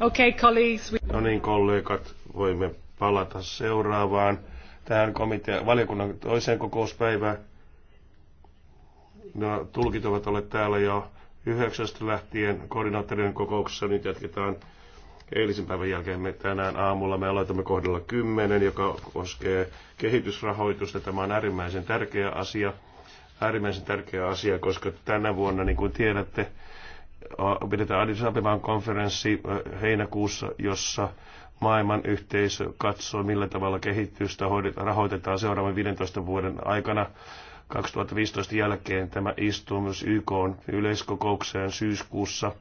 Okay, colleagues. No niin, kollegat, voimme palata seuraavaan tähän komitea, valiokunnan toiseen kokouspäivään. No, tulkit ovat olleet täällä jo yhdeksästä lähtien koordinaattorien kokouksessa. Nyt jatketaan eilisen päivän jälkeen. Me tänään aamulla me aloitamme kohdalla kymmenen, joka koskee kehitysrahoitusta. Tämä on äärimmäisen tärkeä asia. Äärimmäisen tärkeä asia, koska tänä vuonna, niin kuin tiedätte, pidetään Addis Abeban konferenssi heinäkuussa, jossa maailman yhteisö katsoo, millä tavalla kehitystä rahoitetaan seuraavan 15 vuoden aikana. 2015 jälkeen tämä istuu myös YK yleiskokoukseen syyskuussa.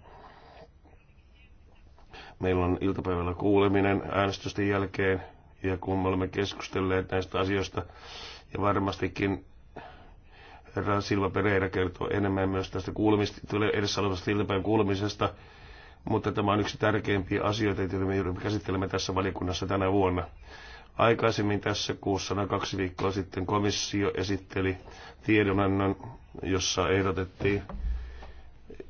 Meillä on iltapäivällä kuuleminen äänestysten jälkeen ja kun me olemme keskustelleet näistä asioista ja varmastikin herra Silva Pereira kertoo enemmän myös tästä kuulemista, edessä olevasta iltapäivän kuulemisesta, mutta tämä on yksi tärkeimpiä asioita, joita me joudumme käsittelemään tässä valiokunnassa tänä vuonna. Aikaisemmin tässä kuussa, noin kaksi viikkoa sitten, komissio esitteli tiedonannon, jossa ehdotettiin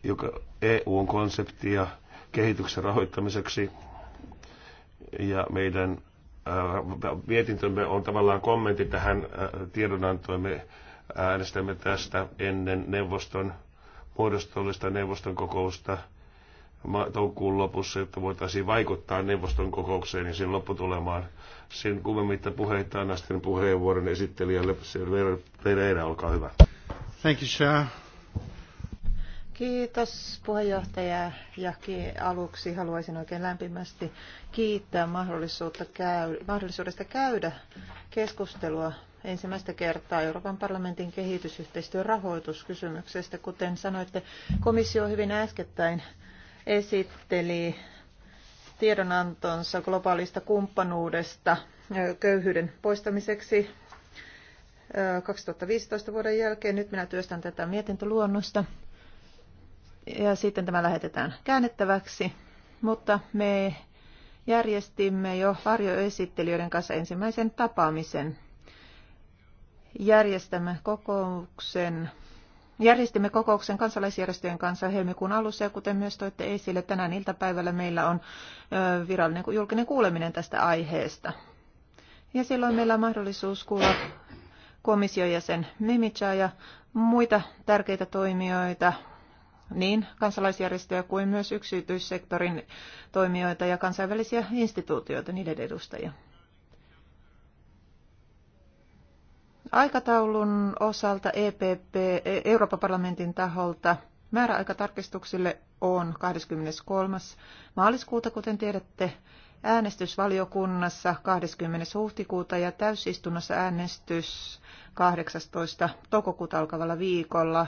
joka EUn konseptia kehityksen rahoittamiseksi. Ja meidän äh, mietintömme on tavallaan kommentti tähän äh, tiedonantoimme Äänestämme tästä ennen neuvoston muodostollista neuvoston kokousta toukokuun lopussa, jotta voitaisiin vaikuttaa neuvoston kokoukseen ja sen lopputulemaan. Sen kummemmitta puheita annan sitten puheenvuoron esittelijälle. Pereira, olkaa hyvä. Thank you, sir. Kiitos puheenjohtaja ja aluksi haluaisin oikein lämpimästi kiittää mahdollisuutta käy, mahdollisuudesta käydä keskustelua ensimmäistä kertaa Euroopan parlamentin kehitysyhteistyön rahoituskysymyksestä. Kuten sanoitte, komissio hyvin äskettäin esitteli tiedonantonsa globaalista kumppanuudesta köyhyyden poistamiseksi 2015 vuoden jälkeen. Nyt minä työstän tätä mietintöluonnosta ja sitten tämä lähetetään käännettäväksi. Mutta me järjestimme jo varjoesittelijöiden kanssa ensimmäisen tapaamisen järjestämme kokouksen Järjestimme kokouksen kansalaisjärjestöjen kanssa helmikuun alussa ja kuten myös toitte esille, tänään iltapäivällä meillä on virallinen julkinen kuuleminen tästä aiheesta. Ja silloin meillä on mahdollisuus kuulla komission jäsen ja muita tärkeitä toimijoita, niin kansalaisjärjestöjä kuin myös yksityissektorin toimijoita ja kansainvälisiä instituutioita, niiden edustajia. Aikataulun osalta EPP, e- Euroopan parlamentin taholta määräaikatarkistuksille on 23. maaliskuuta, kuten tiedätte, äänestysvaliokunnassa 20. huhtikuuta ja täysistunnossa äänestys 18. toukokuuta alkavalla viikolla.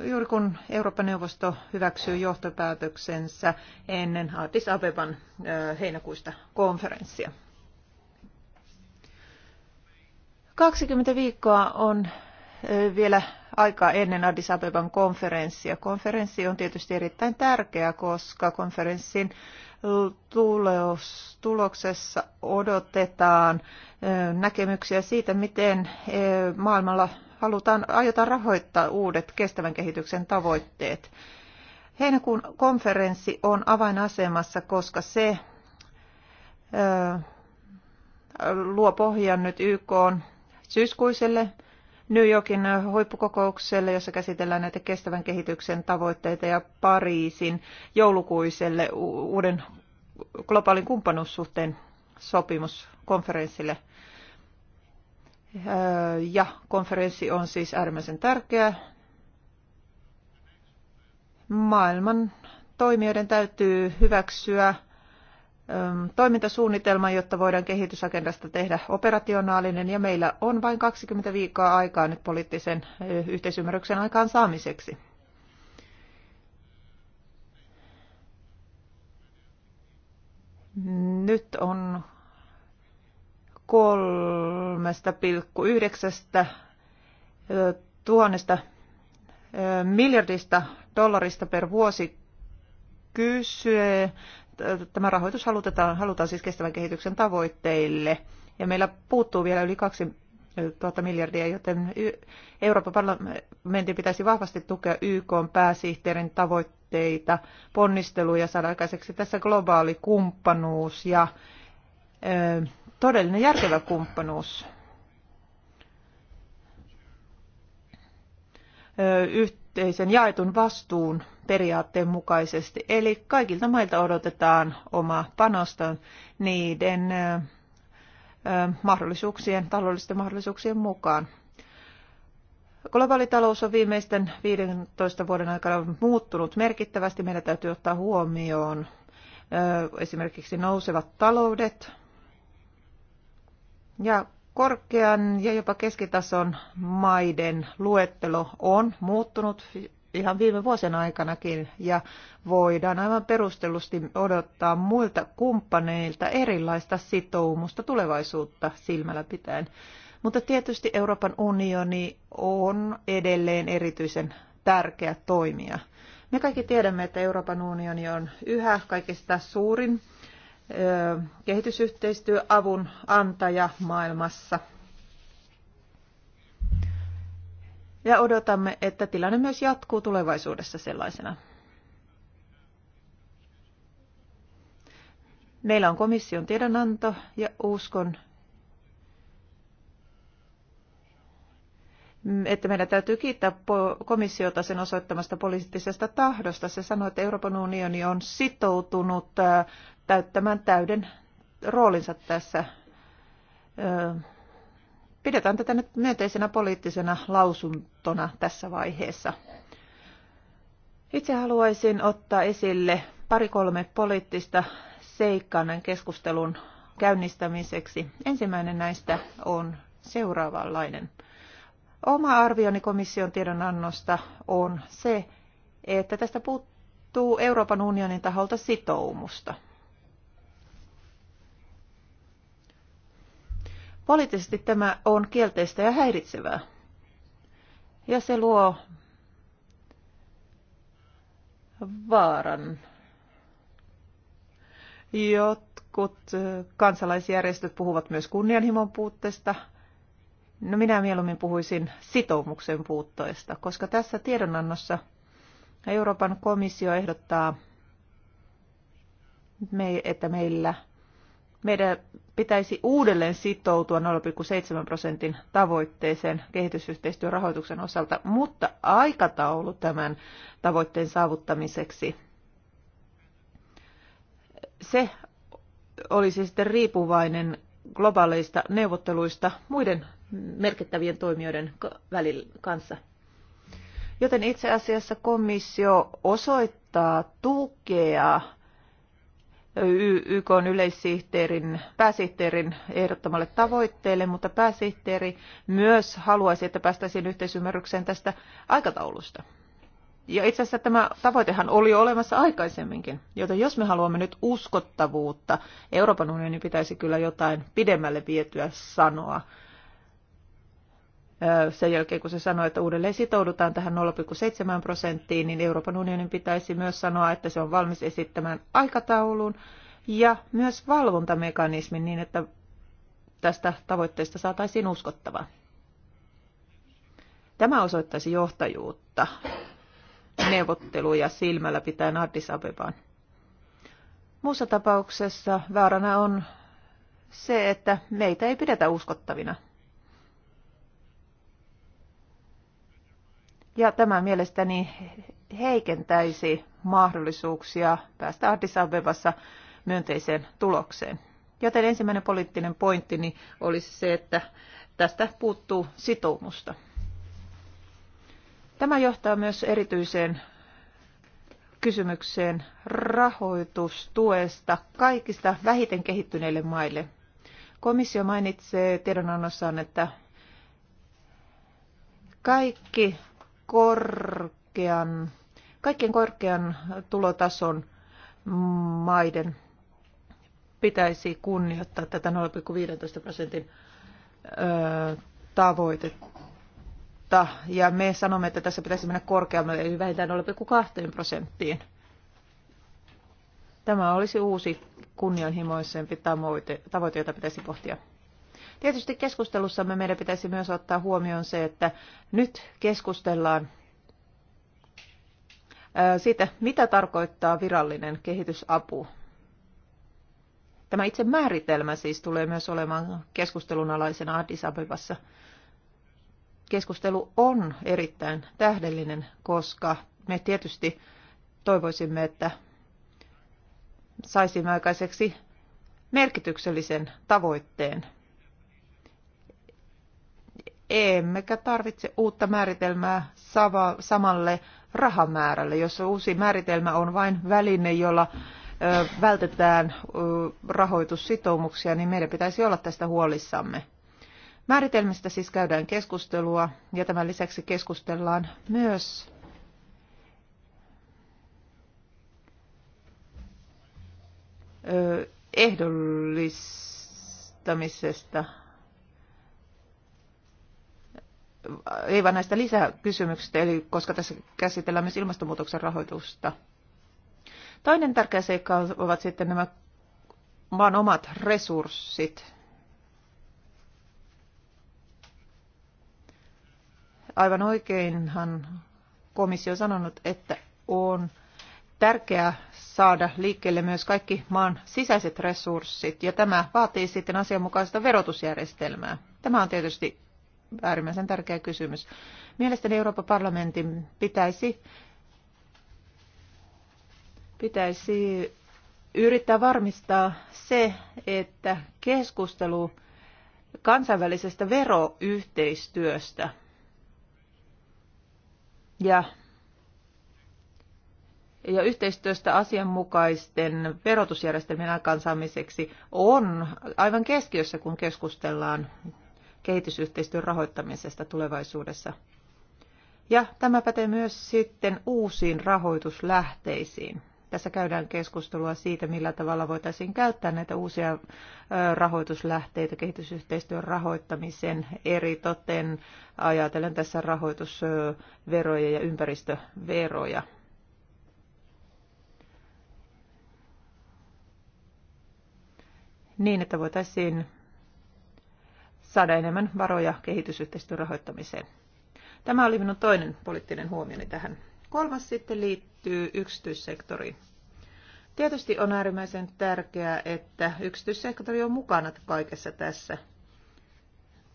Juuri kun Euroopan neuvosto hyväksyy johtopäätöksensä ennen Addis Abeban heinäkuista konferenssia. 20 viikkoa on vielä aikaa ennen Addis Abeban konferenssia. Konferenssi on tietysti erittäin tärkeä, koska konferenssin tuloksessa odotetaan näkemyksiä siitä, miten maailmalla halutaan, aiotaan rahoittaa uudet kestävän kehityksen tavoitteet. Heinäkuun konferenssi on avainasemassa, koska se luo pohjan nyt YK on syyskuiselle New Yorkin huippukokoukselle, jossa käsitellään näitä kestävän kehityksen tavoitteita ja Pariisin joulukuiselle uuden globaalin kumppanuussuhteen sopimuskonferenssille. Öö, ja konferenssi on siis äärimmäisen tärkeä. Maailman toimijoiden täytyy hyväksyä toimintasuunnitelman, jotta voidaan kehitysagendasta tehdä operationaalinen, ja meillä on vain 20 viikkoa aikaa nyt poliittisen yhteisymmärryksen aikaan saamiseksi. Nyt on 3,9 tuhannesta miljardista dollarista per vuosi kyse tämä rahoitus halutetaan, halutaan siis kestävän kehityksen tavoitteille. Ja meillä puuttuu vielä yli kaksi tuota miljardia, joten Euroopan parlamentin pitäisi vahvasti tukea YK pääsihteerin tavoitteita, ponnisteluja saada aikaiseksi tässä globaali kumppanuus ja ö, todellinen järkevä kumppanuus. Ö, yhteisen jaetun vastuun periaatteen mukaisesti. Eli kaikilta mailta odotetaan oma panosta niiden mahdollisuuksien, taloudellisten mahdollisuuksien mukaan. talous on viimeisten 15 vuoden aikana muuttunut merkittävästi. Meidän täytyy ottaa huomioon esimerkiksi nousevat taloudet ja korkean ja jopa keskitason maiden luettelo on muuttunut ihan viime vuosien aikanakin ja voidaan aivan perustellusti odottaa muilta kumppaneilta erilaista sitoumusta tulevaisuutta silmällä pitäen. Mutta tietysti Euroopan unioni on edelleen erityisen tärkeä toimija. Me kaikki tiedämme, että Euroopan unioni on yhä kaikista suurin kehitysyhteistyöavun antaja maailmassa ja odotamme, että tilanne myös jatkuu tulevaisuudessa sellaisena. Meillä on komission tiedonanto ja uskon, että meidän täytyy kiittää komissiota sen osoittamasta poliittisesta tahdosta. Se sanoi, että Euroopan unioni on sitoutunut äh, täyttämään täyden roolinsa tässä äh, Pidetään tätä nyt myönteisenä poliittisena lausuntona tässä vaiheessa. Itse haluaisin ottaa esille pari-kolme poliittista seikkaa näin keskustelun käynnistämiseksi. Ensimmäinen näistä on seuraavanlainen. Oma arvioni komission tiedonannosta on se, että tästä puuttuu Euroopan unionin taholta sitoumusta – Poliittisesti tämä on kielteistä ja häiritsevää. Ja se luo vaaran. Jotkut kansalaisjärjestöt puhuvat myös kunnianhimon puutteesta. No minä mieluummin puhuisin sitoumuksen puutteesta, koska tässä tiedonannossa Euroopan komissio ehdottaa, että meillä – meidän pitäisi uudelleen sitoutua 0,7 prosentin tavoitteeseen kehitysyhteistyön rahoituksen osalta, mutta aikataulu tämän tavoitteen saavuttamiseksi, se olisi sitten riippuvainen globaaleista neuvotteluista muiden merkittävien toimijoiden välillä kanssa. Joten itse asiassa komissio osoittaa tukea YK yleissihteerin, pääsihteerin ehdottamalle tavoitteelle, mutta pääsihteeri myös haluaisi, että päästäisiin yhteisymmärrykseen tästä aikataulusta. Ja itse asiassa tämä tavoitehan oli jo olemassa aikaisemminkin, joten jos me haluamme nyt uskottavuutta, Euroopan unionin pitäisi kyllä jotain pidemmälle vietyä sanoa sen jälkeen, kun se sanoi, että uudelleen sitoudutaan tähän 0,7 prosenttiin, niin Euroopan unionin pitäisi myös sanoa, että se on valmis esittämään aikataulun ja myös valvontamekanismin niin, että tästä tavoitteesta saataisiin uskottava. Tämä osoittaisi johtajuutta neuvotteluja silmällä pitäen Addis Abebaan. Muussa tapauksessa vaarana on se, että meitä ei pidetä uskottavina – Ja tämä mielestäni heikentäisi mahdollisuuksia päästä Addis Abebassa myönteiseen tulokseen. Joten ensimmäinen poliittinen pointtini olisi se, että tästä puuttuu sitoumusta. Tämä johtaa myös erityiseen kysymykseen rahoitustuesta kaikista vähiten kehittyneille maille. Komissio mainitsee tiedonannossaan, että kaikki korkean, kaikkien korkean tulotason maiden pitäisi kunnioittaa tätä 0,15 prosentin tavoitetta. Ja me sanomme, että tässä pitäisi mennä korkeammalle, eli vähintään 0,2 prosenttiin. Tämä olisi uusi kunnianhimoisempi tavoite, jota pitäisi pohtia. Tietysti keskustelussamme meidän pitäisi myös ottaa huomioon se, että nyt keskustellaan siitä, mitä tarkoittaa virallinen kehitysapu. Tämä itse määritelmä siis tulee myös olemaan keskustelun alaisena Addis Abebassa. Keskustelu on erittäin tähdellinen, koska me tietysti toivoisimme, että saisimme aikaiseksi merkityksellisen tavoitteen – emmekä tarvitse uutta määritelmää samalle rahamäärälle, jos uusi määritelmä on vain väline, jolla vältetään rahoitussitoumuksia, niin meidän pitäisi olla tästä huolissamme. Määritelmistä siis käydään keskustelua ja tämän lisäksi keskustellaan myös ehdollistamisesta ei vaan näistä lisäkysymyksistä, eli koska tässä käsitellään myös ilmastonmuutoksen rahoitusta. Toinen tärkeä seikka ovat sitten nämä maan omat resurssit. Aivan oikeinhan komissio on sanonut, että on tärkeää saada liikkeelle myös kaikki maan sisäiset resurssit, ja tämä vaatii sitten asianmukaista verotusjärjestelmää. Tämä on tietysti äärimmäisen tärkeä kysymys. Mielestäni Euroopan parlamentin pitäisi, pitäisi yrittää varmistaa se, että keskustelu kansainvälisestä veroyhteistyöstä ja, ja yhteistyöstä asianmukaisten verotusjärjestelmien aikaansaamiseksi on aivan keskiössä, kun keskustellaan kehitysyhteistyön rahoittamisesta tulevaisuudessa. Ja tämä pätee myös sitten uusiin rahoituslähteisiin. Tässä käydään keskustelua siitä, millä tavalla voitaisiin käyttää näitä uusia rahoituslähteitä kehitysyhteistyön rahoittamisen eri toten ajatellen tässä rahoitusveroja ja ympäristöveroja. Niin, että voitaisiin saada enemmän varoja kehitysyhteistyön rahoittamiseen. Tämä oli minun toinen poliittinen huomioni tähän. Kolmas sitten liittyy yksityissektoriin. Tietysti on äärimmäisen tärkeää, että yksityissektori on mukana kaikessa tässä.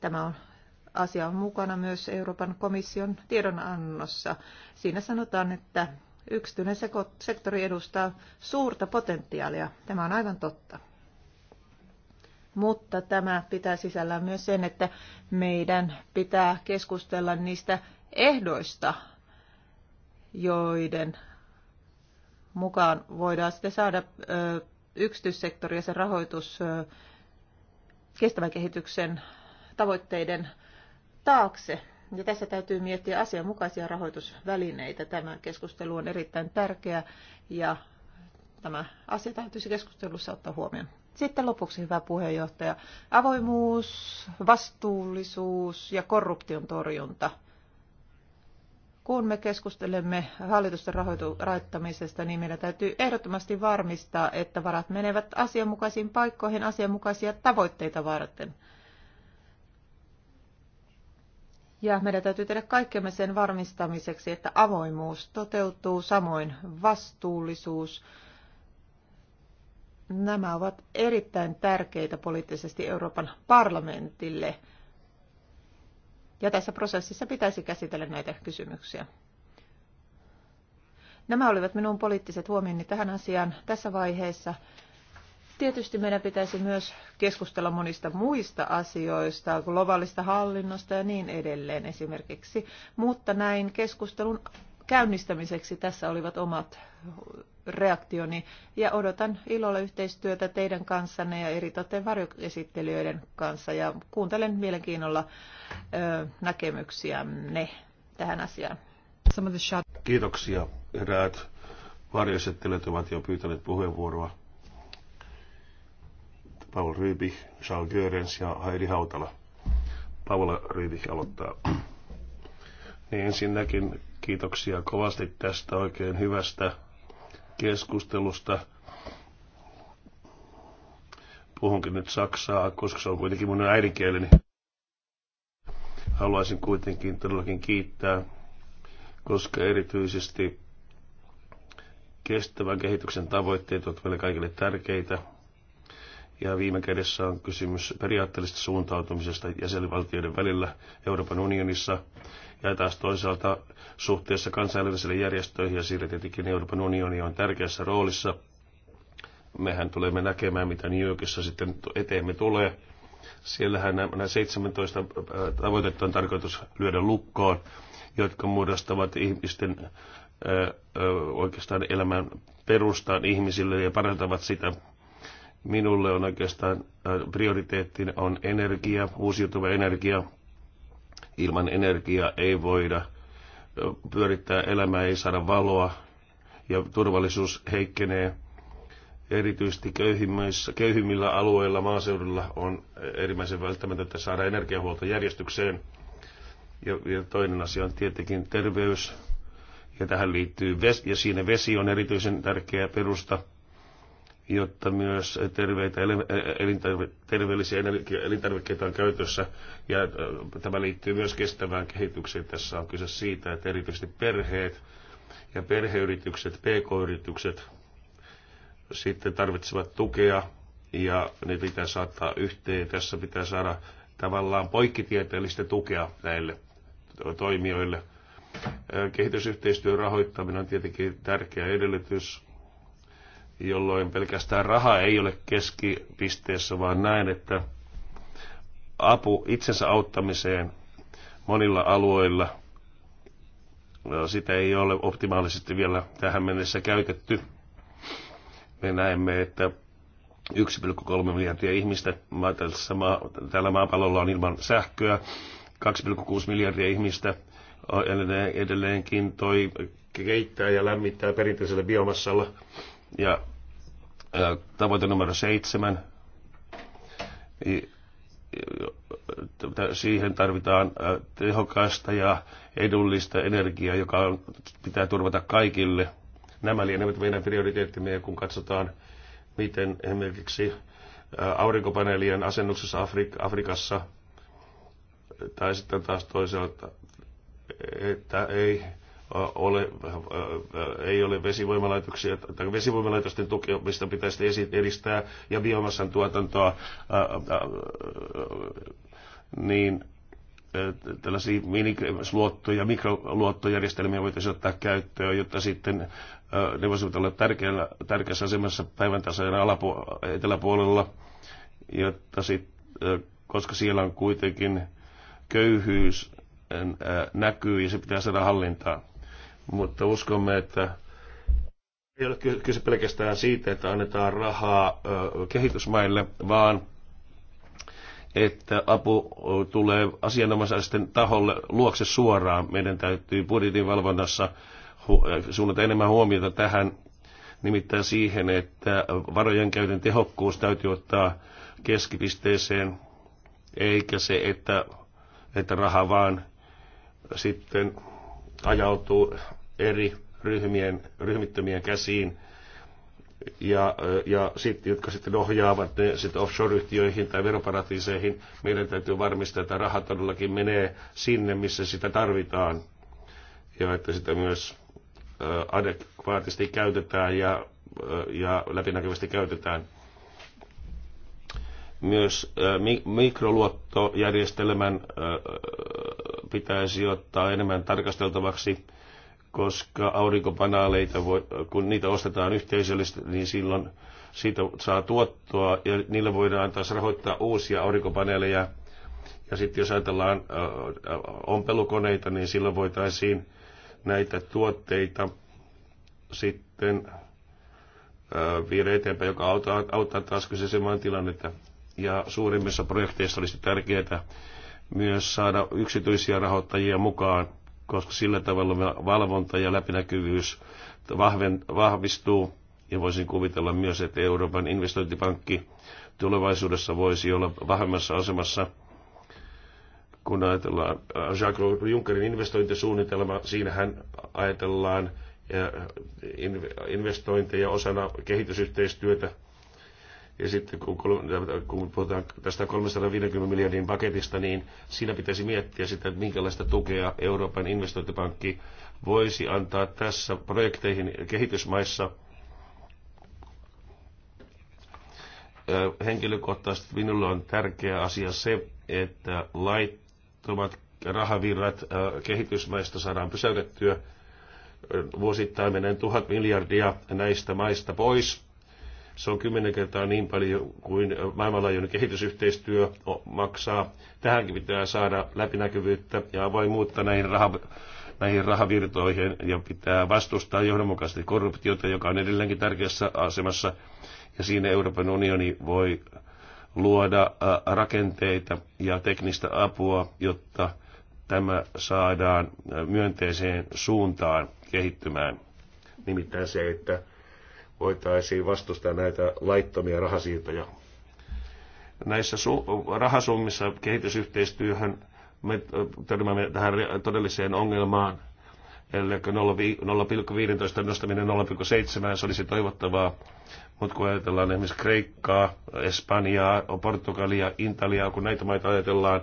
Tämä on, asia on mukana myös Euroopan komission tiedonannossa. Siinä sanotaan, että yksityinen sektori edustaa suurta potentiaalia. Tämä on aivan totta mutta tämä pitää sisällään myös sen, että meidän pitää keskustella niistä ehdoista, joiden mukaan voidaan sitten saada yksityissektori ja sen rahoitus kestävän kehityksen tavoitteiden taakse. Ja tässä täytyy miettiä asianmukaisia rahoitusvälineitä. Tämä keskustelu on erittäin tärkeä ja tämä asia täytyisi keskustelussa ottaa huomioon. Sitten lopuksi, hyvä puheenjohtaja, avoimuus, vastuullisuus ja korruption torjunta. Kun me keskustelemme hallitusten rahoittamisesta, niin meidän täytyy ehdottomasti varmistaa, että varat menevät asianmukaisiin paikkoihin asianmukaisia tavoitteita varten. Ja meidän täytyy tehdä kaikkemme sen varmistamiseksi, että avoimuus toteutuu, samoin vastuullisuus Nämä ovat erittäin tärkeitä poliittisesti Euroopan parlamentille. Ja tässä prosessissa pitäisi käsitellä näitä kysymyksiä. Nämä olivat minun poliittiset huomioni tähän asiaan tässä vaiheessa. Tietysti meidän pitäisi myös keskustella monista muista asioista, globaalista hallinnosta ja niin edelleen esimerkiksi. Mutta näin keskustelun käynnistämiseksi tässä olivat omat reaktioni ja odotan ilolla yhteistyötä teidän kanssanne ja eri varjoesittelijöiden kanssa ja kuuntelen mielenkiinnolla näkemyksiänne tähän asiaan. Kiitoksia. Eräät varjoesittelijät ovat jo pyytäneet puheenvuoroa. Paul Ryby, Charles Görens ja Heidi Hautala. Paula Ryby aloittaa. Niin ensinnäkin kiitoksia kovasti tästä oikein hyvästä keskustelusta. Puhunkin nyt saksaa, koska se on kuitenkin mun äidinkieleni. Haluaisin kuitenkin todellakin kiittää, koska erityisesti kestävän kehityksen tavoitteet ovat meille kaikille tärkeitä. Ja viime kädessä on kysymys periaatteellisesta suuntautumisesta jäsenvaltioiden välillä Euroopan unionissa ja taas toisaalta suhteessa kansainvälisille järjestöihin, ja siinä tietenkin Euroopan unioni on tärkeässä roolissa. Mehän tulemme näkemään, mitä New Yorkissa sitten eteemme tulee. Siellähän nämä 17 äh, tavoitetta on tarkoitus lyödä lukkoon, jotka muodostavat ihmisten äh, äh, oikeastaan elämän perustaan ihmisille ja parantavat sitä. Minulle on oikeastaan prioriteettina on energia, uusiutuva energia, Ilman energiaa ei voida pyörittää elämää, ei saada valoa ja turvallisuus heikkenee. Erityisesti köyhimmillä alueilla maaseudulla on erimmäisen välttämätöntä saada energiahuolto järjestykseen. Ja, ja toinen asia on tietenkin terveys. Ja tähän liittyy vesi, ja siinä vesi on erityisen tärkeä perusta jotta myös terveitä, e- e- terveellisiä elintarvikkeita on käytössä. Ja tämä liittyy myös kestävään kehitykseen. Tässä on kyse siitä, että erityisesti perheet ja perheyritykset, pk-yritykset sitten tarvitsevat tukea ja ne pitää saattaa yhteen. Tässä pitää saada tavallaan poikkitieteellistä tukea näille toimijoille. Kehitysyhteistyön rahoittaminen on tietenkin tärkeä edellytys jolloin pelkästään raha ei ole keskipisteessä, vaan näin, että apu itsensä auttamiseen monilla alueilla, no, sitä ei ole optimaalisesti vielä tähän mennessä käytetty. Me näemme, että 1,3 miljardia ihmistä täällä maapallolla on ilman sähköä, 2,6 miljardia ihmistä edelleenkin toi keittää ja lämmittää perinteisellä biomassalla. Ja tavoite numero seitsemän. Siihen tarvitaan tehokasta ja edullista energiaa, joka on, pitää turvata kaikille. Nämä lienevät meidän prioriteettimme, kun katsotaan, miten esimerkiksi aurinkopaneelien asennuksessa Afrik- Afrikassa tai sitten taas toisaalta, että ei ole, ei ole vesivoimalaitoksia, tai vesivoimalaitosten tukemista pitäisi edistää ja biomassan tuotantoa niin tällaisia miniluottoja, mikroluottojärjestelmiä voitaisiin ottaa käyttöön, jotta sitten ne voisivat olla tärkeällä, tärkeässä asemassa päivän tasajan alapu- eteläpuolella, jotta sit, koska siellä on kuitenkin köyhyys näkyy ja se pitää saada hallintaan mutta uskomme, että ei ole kyse pelkästään siitä, että annetaan rahaa kehitysmaille, vaan että apu tulee asianomaisen taholle luokse suoraan. Meidän täytyy budjetin valvonnassa suunnata enemmän huomiota tähän, nimittäin siihen, että varojen käytön tehokkuus täytyy ottaa keskipisteeseen, eikä se, että, että raha vaan sitten ajautuu eri ryhmien, ryhmittömien käsiin, ja, ja sit, jotka sitten ohjaavat ne sit offshore-yhtiöihin tai veroparatiiseihin. Meidän täytyy varmistaa, että raha todellakin menee sinne, missä sitä tarvitaan, ja että sitä myös adekvaatisti käytetään ja, ja läpinäkyvästi käytetään myös mikroluottojärjestelmän pitäisi ottaa enemmän tarkasteltavaksi, koska aurinkopanaaleita, voi, kun niitä ostetaan yhteisöllisesti, niin silloin siitä saa tuottoa ja niillä voidaan taas rahoittaa uusia aurinkopaneeleja. Ja sitten jos ajatellaan ompelukoneita, niin silloin voitaisiin näitä tuotteita sitten viedä eteenpäin, joka auttaa, auttaa taas kyseisen maan tilannetta ja suurimmissa projekteissa olisi tärkeää myös saada yksityisiä rahoittajia mukaan, koska sillä tavalla valvonta ja läpinäkyvyys vahvistuu. Ja voisin kuvitella myös, että Euroopan investointipankki tulevaisuudessa voisi olla vahvemmassa asemassa, kun ajatellaan äh, Jacques Junckerin investointisuunnitelma. Siinähän ajatellaan äh, investointeja osana kehitysyhteistyötä – ja sitten kun, kun puhutaan tästä 350 miljardin paketista, niin siinä pitäisi miettiä sitä, että minkälaista tukea Euroopan investointipankki voisi antaa tässä projekteihin kehitysmaissa – henkilökohtaisesti minulle on tärkeä asia se, että laittomat rahavirrat kehitysmaista saadaan pysäytettyä. Vuosittain menee tuhat miljardia näistä maista pois. Se on kymmenen kertaa niin paljon kuin maailmanlaajuinen kehitysyhteistyö maksaa. Tähänkin pitää saada läpinäkyvyyttä ja avoimuutta näihin, rah- näihin rahavirtoihin ja pitää vastustaa johdonmukaisesti korruptiota, joka on edelleenkin tärkeässä asemassa. Ja siinä Euroopan unioni voi luoda rakenteita ja teknistä apua, jotta tämä saadaan myönteiseen suuntaan kehittymään. Nimittäin se, että voitaisiin vastustaa näitä laittomia rahasiirtoja. Näissä su- rahasummissa kehitysyhteistyöhön me törmäämme tähän todelliseen ongelmaan, eli 0,15 nostaminen 0,7, se olisi toivottavaa. Mutta kun ajatellaan esimerkiksi Kreikkaa, Espanjaa, Portugalia, Italiaa, kun näitä maita ajatellaan,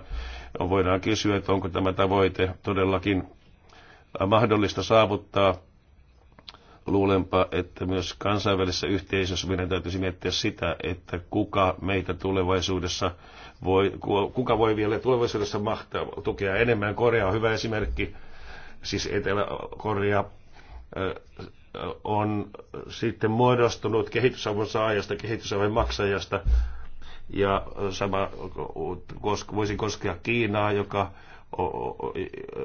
voidaan kysyä, että onko tämä tavoite todellakin mahdollista saavuttaa luulenpa, että myös kansainvälisessä yhteisössä meidän täytyisi miettiä sitä, että kuka meitä tulevaisuudessa voi, kuka voi vielä tulevaisuudessa mahtaa tukea enemmän. Korea on hyvä esimerkki, siis Etelä-Korea on sitten muodostunut kehitysavun saajasta, kehitysavun maksajasta, ja sama voisi koskea Kiinaa, joka,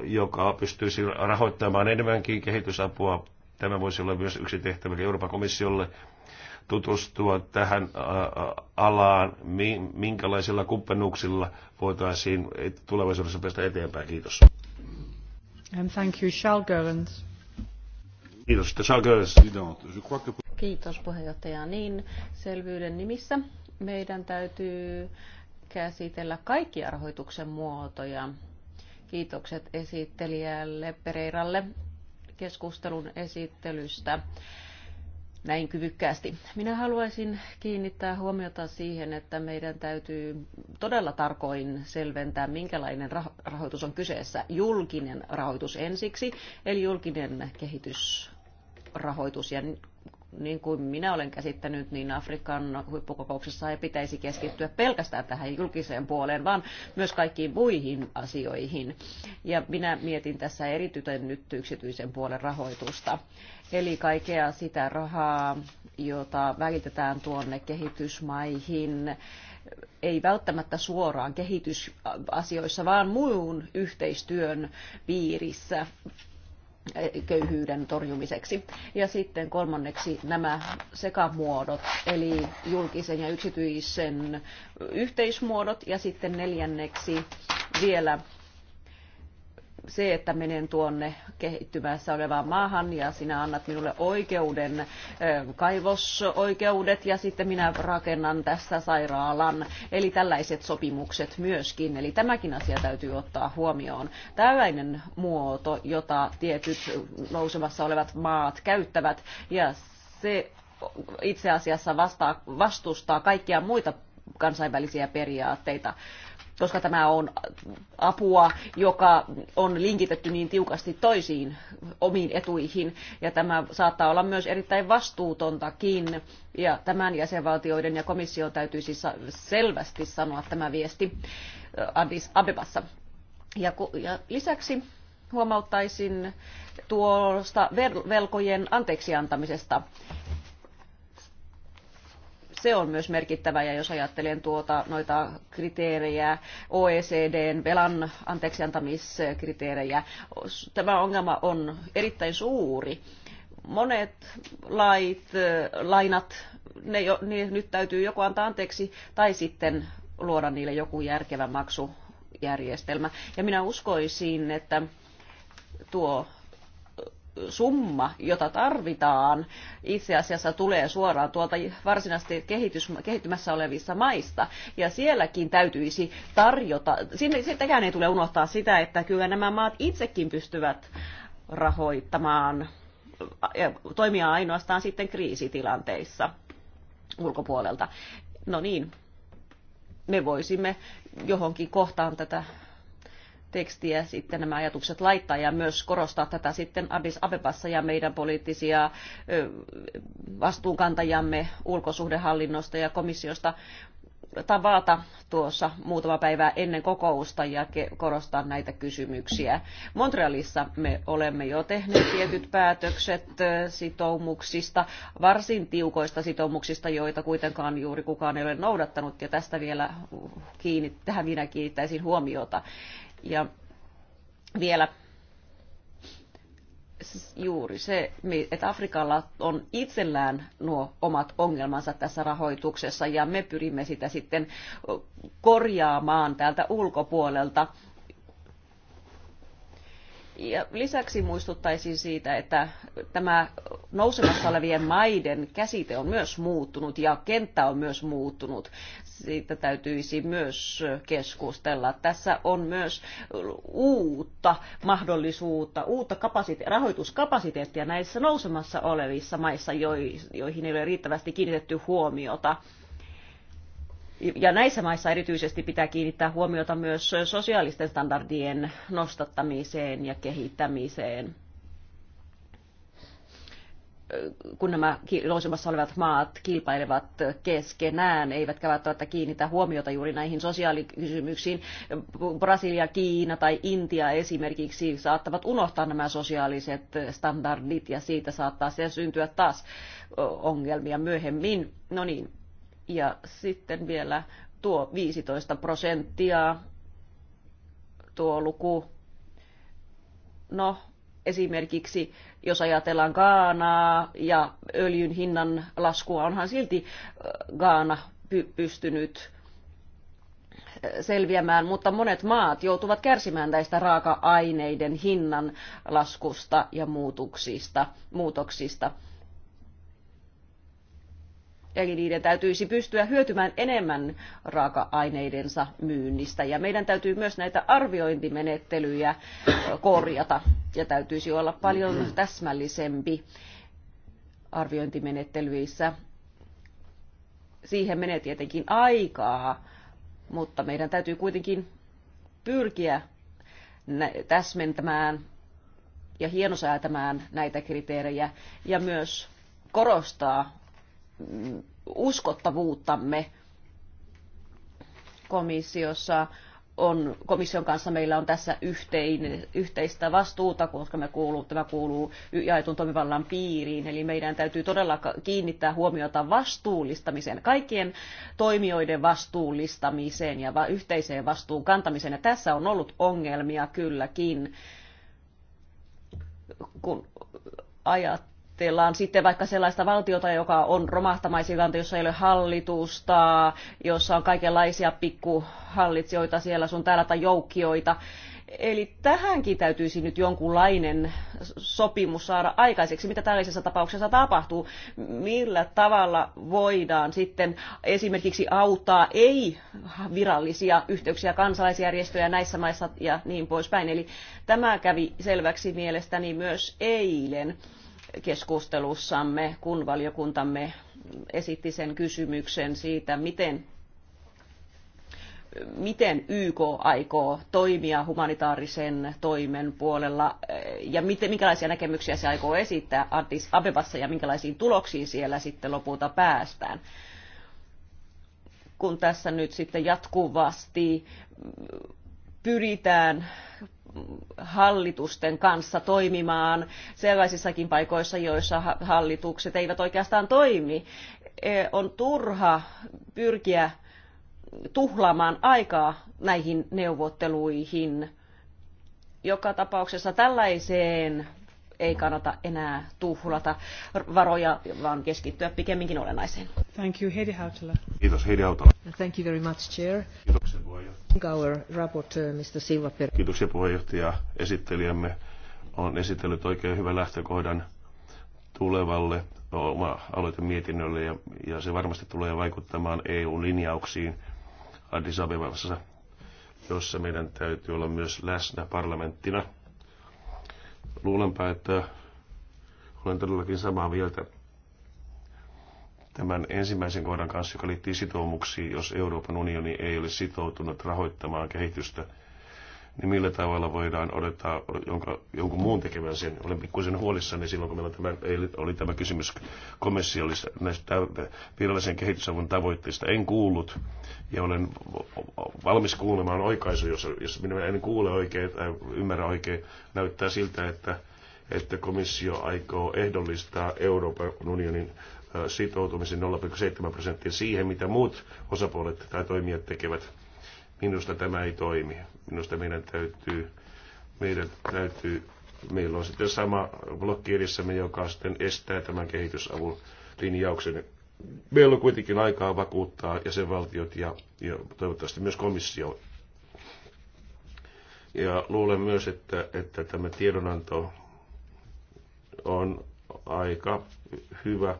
joka pystyisi rahoittamaan enemmänkin kehitysapua Tämä voisi olla myös yksi tehtävä Euroopan komissiolle tutustua tähän alaan, minkälaisilla kumppanuuksilla voitaisiin tulevaisuudessa päästä eteenpäin. Kiitos. And thank you, Charles Goerens. Kiitos, Charles Kiitos puheenjohtaja. Niin, selvyyden nimissä meidän täytyy käsitellä kaikkia rahoituksen muotoja. Kiitokset esittelijälle Pereiralle keskustelun esittelystä näin kyvykkäästi. Minä haluaisin kiinnittää huomiota siihen, että meidän täytyy todella tarkoin selventää, minkälainen rahoitus on kyseessä. Julkinen rahoitus ensiksi, eli julkinen kehitysrahoitus. Ja niin kuin minä olen käsittänyt, niin Afrikan huippukokouksessa ei pitäisi keskittyä pelkästään tähän julkiseen puoleen, vaan myös kaikkiin muihin asioihin. Ja minä mietin tässä erityisen nyt yksityisen puolen rahoitusta. Eli kaikkea sitä rahaa, jota välitetään tuonne kehitysmaihin, ei välttämättä suoraan kehitysasioissa, vaan muun yhteistyön piirissä köyhyyden torjumiseksi. Ja sitten kolmanneksi nämä sekamuodot, eli julkisen ja yksityisen yhteismuodot. Ja sitten neljänneksi vielä se, että menen tuonne kehittymässä olevaan maahan ja sinä annat minulle oikeuden, kaivosoikeudet ja sitten minä rakennan tässä sairaalan. Eli tällaiset sopimukset myöskin. Eli tämäkin asia täytyy ottaa huomioon. Tällainen muoto, jota tietyt nousemassa olevat maat käyttävät ja se itse asiassa vastaa, vastustaa kaikkia muita kansainvälisiä periaatteita koska tämä on apua, joka on linkitetty niin tiukasti toisiin omiin etuihin, ja tämä saattaa olla myös erittäin vastuutontakin, ja tämän jäsenvaltioiden ja komission täytyy siis selvästi sanoa tämä viesti äh, Addis Abebassa. Ja, ja lisäksi huomauttaisin tuosta velkojen anteeksiantamisesta. antamisesta se on myös merkittävä. Ja jos ajattelen tuota, noita kriteerejä, OECDn velan anteeksi antamiskriteerejä, tämä ongelma on erittäin suuri. Monet lait, lainat, ne, jo, ne nyt täytyy joko antaa anteeksi tai sitten luoda niille joku järkevä maksujärjestelmä. Ja minä uskoisin, että tuo summa, jota tarvitaan, itse asiassa tulee suoraan tuolta varsinaisesti kehitys, kehittymässä olevissa maista. Ja sielläkin täytyisi tarjota, sinne, sitäkään ei tule unohtaa sitä, että kyllä nämä maat itsekin pystyvät rahoittamaan ja toimia ainoastaan sitten kriisitilanteissa ulkopuolelta. No niin, me voisimme johonkin kohtaan tätä tekstiä sitten nämä ajatukset laittaa ja myös korostaa tätä sitten Addis Abebassa ja meidän poliittisia vastuunkantajamme ulkosuhdehallinnosta ja komissiosta tavata tuossa muutama päivä ennen kokousta ja korostaa näitä kysymyksiä. Montrealissa me olemme jo tehneet tietyt päätökset sitoumuksista, varsin tiukoista sitoumuksista, joita kuitenkaan juuri kukaan ei ole noudattanut, ja tästä vielä kiinni, tähän minä kiinnittäisin huomiota. Ja vielä juuri se, että Afrikalla on itsellään nuo omat ongelmansa tässä rahoituksessa ja me pyrimme sitä sitten korjaamaan täältä ulkopuolelta. Ja lisäksi muistuttaisin siitä, että tämä nousemassa olevien maiden käsite on myös muuttunut ja kenttä on myös muuttunut siitä täytyisi myös keskustella. Tässä on myös uutta mahdollisuutta, uutta kapasite- rahoituskapasiteettia näissä nousemassa olevissa maissa, joihin ei ole riittävästi kiinnitetty huomiota. Ja näissä maissa erityisesti pitää kiinnittää huomiota myös sosiaalisten standardien nostattamiseen ja kehittämiseen kun nämä nousemassa olevat maat kilpailevat keskenään, eivätkä välttämättä kiinnitä huomiota juuri näihin sosiaalikysymyksiin. Brasilia, Kiina tai Intia esimerkiksi saattavat unohtaa nämä sosiaaliset standardit ja siitä saattaa se syntyä taas ongelmia myöhemmin. No niin, ja sitten vielä tuo 15 prosenttia, tuo luku. No, esimerkiksi jos ajatellaan Gaanaa ja öljyn hinnan laskua, onhan silti äh, Gaana pystynyt äh, selviämään, mutta monet maat joutuvat kärsimään tästä raaka-aineiden hinnan laskusta ja muutoksista. muutoksista. Eli niiden täytyisi pystyä hyötymään enemmän raaka-aineidensa myynnistä. Ja meidän täytyy myös näitä arviointimenettelyjä korjata ja täytyisi olla paljon täsmällisempi arviointimenettelyissä. Siihen menee tietenkin aikaa, mutta meidän täytyy kuitenkin pyrkiä täsmentämään ja hienosäätämään näitä kriteerejä ja myös korostaa uskottavuuttamme komissiossa on, komission kanssa meillä on tässä yhtein, yhteistä vastuuta, koska me kuuluu, tämä kuuluu jaetun toimivallan piiriin. Eli meidän täytyy todella kiinnittää huomiota vastuullistamiseen, kaikkien toimijoiden vastuullistamiseen ja yhteiseen vastuun kantamiseen. Ja tässä on ollut ongelmia kylläkin, kun ajat on sitten vaikka sellaista valtiota, joka on romahtamaisilanta, jossa ei ole hallitusta, jossa on kaikenlaisia pikkuhallitsijoita siellä sun täällä tai joukkioita. Eli tähänkin täytyisi nyt jonkunlainen sopimus saada aikaiseksi, mitä tällaisessa tapauksessa tapahtuu, millä tavalla voidaan sitten esimerkiksi auttaa ei-virallisia yhteyksiä, kansalaisjärjestöjä näissä maissa ja niin poispäin. Eli tämä kävi selväksi mielestäni myös eilen keskustelussamme, kun valiokuntamme esitti sen kysymyksen siitä, miten miten YK aikoo toimia humanitaarisen toimen puolella eh, ja miten, minkälaisia näkemyksiä se aikoo esittää Addis Abebassa ja minkälaisiin tuloksiin siellä sitten lopulta päästään. Kun tässä nyt sitten jatkuvasti pyritään hallitusten kanssa toimimaan sellaisissakin paikoissa, joissa hallitukset eivät oikeastaan toimi. E, on turha pyrkiä tuhlaamaan aikaa näihin neuvotteluihin. Joka tapauksessa tällaiseen ei kannata enää tuhlata varoja, vaan keskittyä pikemminkin olennaiseen. Thank you, Heidi Hautala. Kiitos, Heidi Hautala. Thank you very much, Chair. Kiitoksia puheenjohtaja. Our rapporteur, Mr. Silvaper. Kiitoksia puheenjohtaja. Esittelijämme on esitellyt oikein hyvän lähtökohdan tulevalle oma aloitemietinnölle ja, ja se varmasti tulee vaikuttamaan EU-linjauksiin Addis Abebassa, jossa meidän täytyy olla myös läsnä parlamenttina – Luulenpa, että olen todellakin samaa mieltä tämän ensimmäisen kohdan kanssa, joka liittyy sitoumuksiin, jos Euroopan unioni ei ole sitoutunut rahoittamaan kehitystä – niin millä tavalla voidaan odottaa jonka, jonkun muun tekemään sen. Olen pikkuisen huolissani silloin, kun meillä tämä, oli tämä kysymys komissiolle näistä virallisen kehitysavun tavoitteista. En kuullut ja olen valmis kuulemaan oikaisu, jos, jos minä en kuule oikein tai äh, ymmärrä oikein. Näyttää siltä, että, että komissio aikoo ehdollistaa Euroopan unionin äh, sitoutumisen 0,7 prosenttia siihen, mitä muut osapuolet tai toimijat tekevät minusta tämä ei toimi. Minusta meidän täytyy, meidän täytyy, meillä on sitten sama blokki edessämme, joka sitten estää tämän kehitysavun linjauksen. Meillä on kuitenkin aikaa vakuuttaa jäsenvaltiot ja, ja toivottavasti myös komissio. Ja luulen myös, että, että tämä tiedonanto on aika hyvä.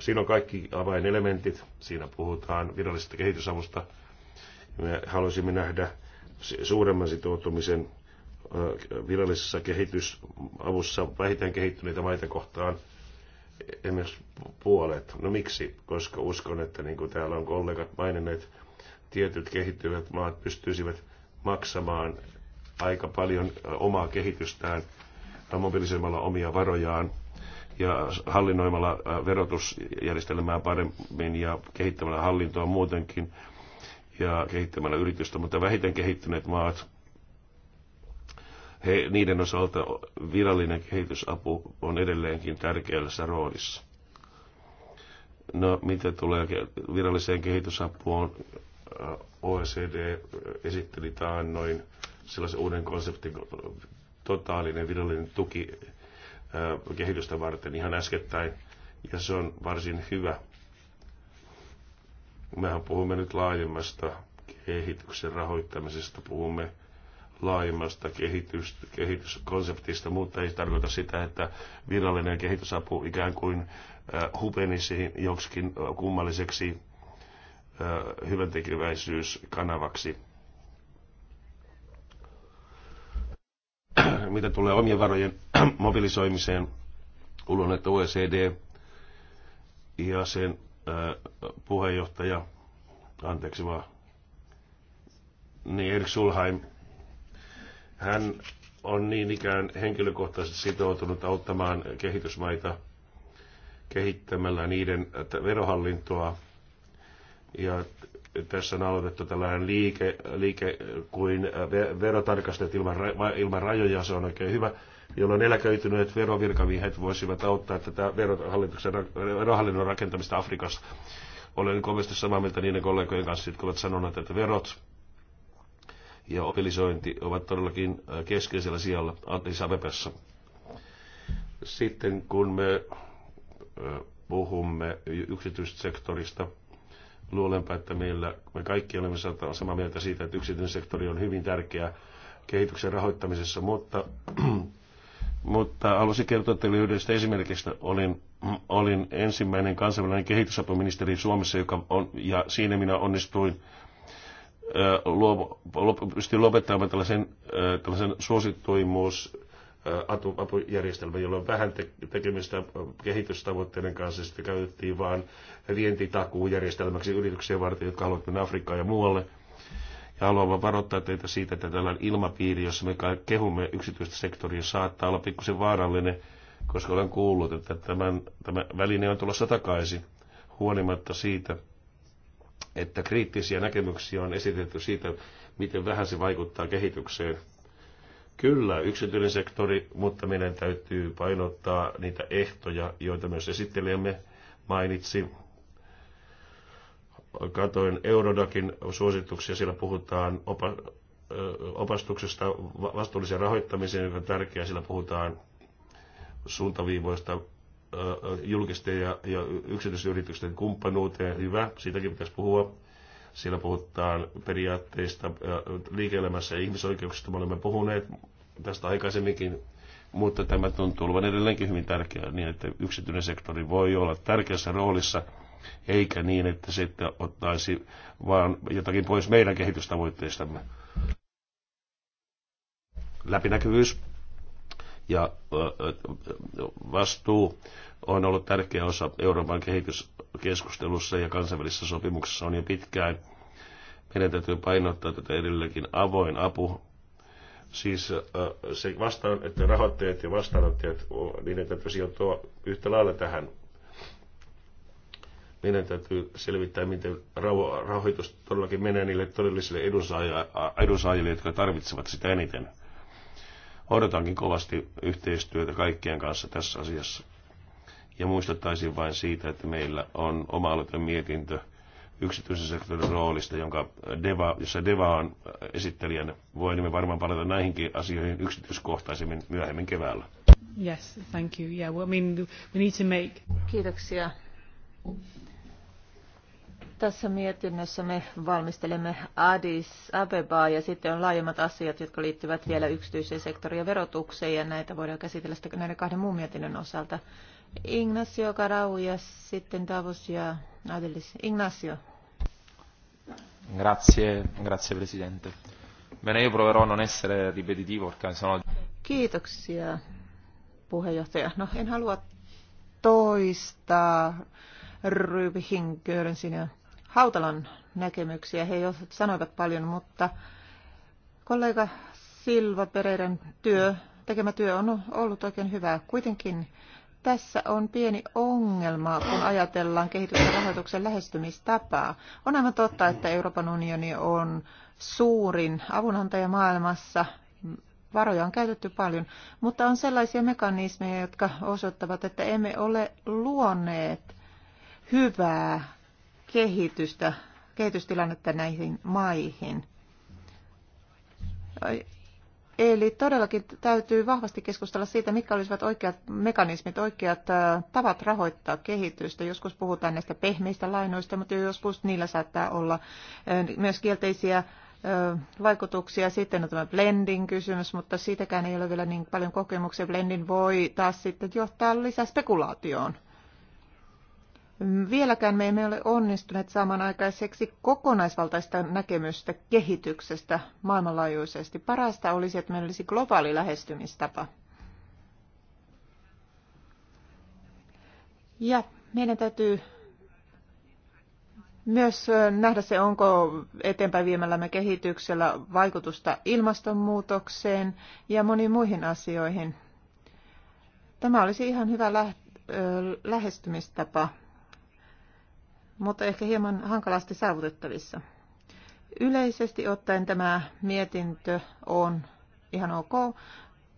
Siinä on kaikki avainelementit. Siinä puhutaan virallisesta kehitysavusta. Me haluaisimme nähdä suuremman sitoutumisen virallisessa kehitysavussa vähiten kehittyneitä maita kohtaan esimerkiksi puolet. No miksi? Koska uskon, että niin kuin täällä on kollegat maininneet, tietyt kehittyvät maat pystyisivät maksamaan aika paljon omaa kehitystään mobilisoimalla omia varojaan ja hallinnoimalla verotusjärjestelmää paremmin ja kehittämällä hallintoa muutenkin ja kehittämällä yritystä, mutta vähiten kehittyneet maat, he, niiden osalta virallinen kehitysapu on edelleenkin tärkeässä roolissa. No, mitä tulee viralliseen kehitysapuun, äh, OECD esitteli taan noin sellaisen uuden konseptin totaalinen virallinen tuki äh, kehitystä varten ihan äskettäin, ja se on varsin hyvä Mehän puhumme nyt laajemmasta kehityksen rahoittamisesta, puhumme laajemmasta kehitys, kehityskonseptista, mutta ei tarkoita sitä, että virallinen kehitysapu ikään kuin äh, hupenisi joksikin äh, kummalliseksi äh, hyväntekeväisyyskanavaksi. Mitä tulee omien varojen mobilisoimiseen, uskon, että OECD ja sen puheenjohtaja, anteeksi vaan, niin Erik Sulheim, hän on niin ikään henkilökohtaisesti sitoutunut auttamaan kehitysmaita kehittämällä niiden verohallintoa. Ja tässä on aloitettu tällainen liike, liike kuin verotarkastajat ilman, ilman rajoja, se on oikein hyvä jolloin eläköityneet verovirkamiehet voisivat auttaa tätä verohallinnon rakentamista Afrikassa. Olen kovasti samaa mieltä niiden kollegojen kanssa, jotka ovat sanoneet, että verot ja opilisointi ovat todellakin äh, keskeisellä sijalla Addis Abebassa. Sitten kun me äh, puhumme yksityisestä sektorista, luulenpa, että meillä, me kaikki olemme samaa mieltä siitä, että yksityinen sektori on hyvin tärkeä kehityksen rahoittamisessa, mutta mutta halusin kertoa teille yhdestä esimerkistä. Olin, olin ensimmäinen kansainvälinen kehitysapuministeri Suomessa, joka on, ja siinä minä onnistuin pystyi lopettamaan tällaisen, tällaisen suosittuimuus apujärjestelmä, jolla on vähän tekemistä kehitystavoitteiden kanssa. Sitten käytettiin vain vientitakuujärjestelmäksi yrityksiä varten, jotka haluavat mennä Afrikkaan ja muualle – Haluan varoittaa teitä siitä, että tällainen ilmapiiri, jossa me kehumme yksityistä sektoria, saattaa olla pikkusen vaarallinen, koska olen kuullut, että tämän, tämä väline on tulossa takaisin, huolimatta siitä, että kriittisiä näkemyksiä on esitetty siitä, miten vähän se vaikuttaa kehitykseen. Kyllä, yksityinen sektori, mutta meidän täytyy painottaa niitä ehtoja, joita myös esittelijämme mainitsi katoin Eurodakin suosituksia, siellä puhutaan opa, opastuksesta vastuulliseen rahoittamiseen, joka on tärkeää, siellä puhutaan suuntaviivoista julkisten ja, ja yksityisyritysten kumppanuuteen, hyvä, siitäkin pitäisi puhua. Siellä puhutaan periaatteista liike-elämässä ja ihmisoikeuksista, me olemme puhuneet tästä aikaisemminkin, mutta tämä tuntuu olevan edelleenkin hyvin tärkeää niin, että yksityinen sektori voi olla tärkeässä roolissa – eikä niin, että se että ottaisi vaan jotakin pois meidän kehitystavoitteistamme. Läpinäkyvyys ja vastuu on ollut tärkeä osa Euroopan kehityskeskustelussa ja kansainvälisessä sopimuksessa on jo pitkään. Meidän täytyy painottaa tätä edelleenkin avoin apu. Siis se vastaan, että rahoittajat ja vastaanottajat, niiden täytyy sijoittua yhtä lailla tähän – meidän täytyy selvittää, miten rahoitus todellakin menee niille todellisille edunsaajille, jotka tarvitsevat sitä eniten. Odotankin kovasti yhteistyötä kaikkien kanssa tässä asiassa. Ja muistuttaisin vain siitä, että meillä on oma mietintö yksityisen sektorin roolista, jonka Deva, jossa Deva on esittelijänä. Voimme varmaan palata näihinkin asioihin yksityiskohtaisemmin myöhemmin keväällä. Yes, thank you. Yeah, well, I mean, we need to make... Kiitoksia. Tässä mietinnössä me valmistelemme Addis Abebaa ja sitten on laajemmat asiat, jotka liittyvät vielä yksityiseen sektoriin ja verotukseen ja näitä voidaan käsitellä sitten näiden kahden muun mietinnön osalta. Ignacio Carau ja sitten Davos ja Adelis. Ignacio. Grazie, grazie Presidente. Bene, io proverò non essere ripetitivo, perché sono. Kiitoksia, puheenjohtaja. No, en halua toistaa Ruby Hinkörnsin ja Hautalan näkemyksiä. He jo sanoivat paljon, mutta kollega Silva Pereiren työ, tekemä työ on ollut oikein hyvää. Kuitenkin tässä on pieni ongelma, kun ajatellaan kehityksen rahoituksen lähestymistapaa. On aivan totta, että Euroopan unioni on suurin avunantaja maailmassa. Varoja on käytetty paljon, mutta on sellaisia mekanismeja, jotka osoittavat, että emme ole luoneet hyvää kehitystä, kehitystilannetta näihin maihin. Eli todellakin täytyy vahvasti keskustella siitä, mitkä olisivat oikeat mekanismit, oikeat tavat rahoittaa kehitystä. Joskus puhutaan näistä pehmeistä lainoista, mutta joskus niillä saattaa olla myös kielteisiä vaikutuksia. Sitten on tämä blending kysymys, mutta siitäkään ei ole vielä niin paljon kokemuksia. Blending voi taas sitten johtaa lisää spekulaatioon. Vieläkään me emme ole onnistuneet saamaan aikaiseksi kokonaisvaltaista näkemystä kehityksestä maailmanlaajuisesti. Parasta olisi, että meillä olisi globaali lähestymistapa. Ja meidän täytyy myös nähdä se, onko eteenpäin viemällämme kehityksellä vaikutusta ilmastonmuutokseen ja moniin muihin asioihin. Tämä olisi ihan hyvä lähestymistapa mutta ehkä hieman hankalasti saavutettavissa. Yleisesti ottaen tämä mietintö on ihan ok,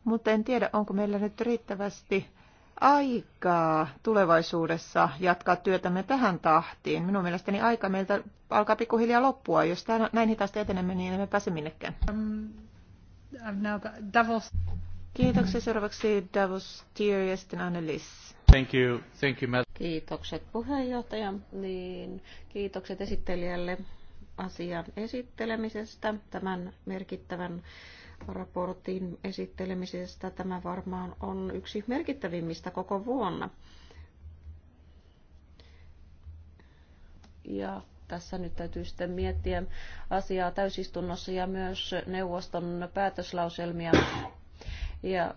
mutta en tiedä, onko meillä nyt riittävästi aikaa tulevaisuudessa jatkaa työtämme tähän tahtiin. Minun mielestäni aika meiltä alkaa pikkuhiljaa loppua. Jos tämän, näin hitaasti etenemme, niin emme pääse minnekään. Um, Kiitoksia. Seuraavaksi Davos Tier ja sitten Annelies. Thank you. Thank you, Kiitokset puheenjohtaja. Niin, kiitokset esittelijälle asian esittelemisestä, tämän merkittävän raportin esittelemisestä. Tämä varmaan on yksi merkittävimmistä koko vuonna. Ja tässä nyt täytyy sitten miettiä asiaa täysistunnossa ja myös neuvoston päätöslauselmia. Ja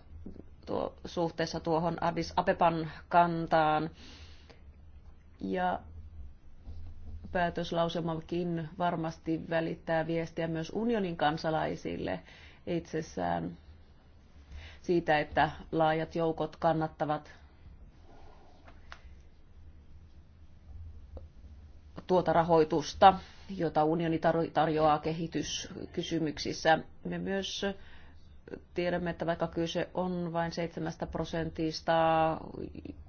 tuo, suhteessa tuohon Addis Abeban kantaan. Ja päätöslausemakin varmasti välittää viestiä myös unionin kansalaisille itsessään siitä, että laajat joukot kannattavat tuota rahoitusta, jota unioni tarjoaa kehityskysymyksissä. Me myös tiedämme, että vaikka kyse on vain 7 prosentista,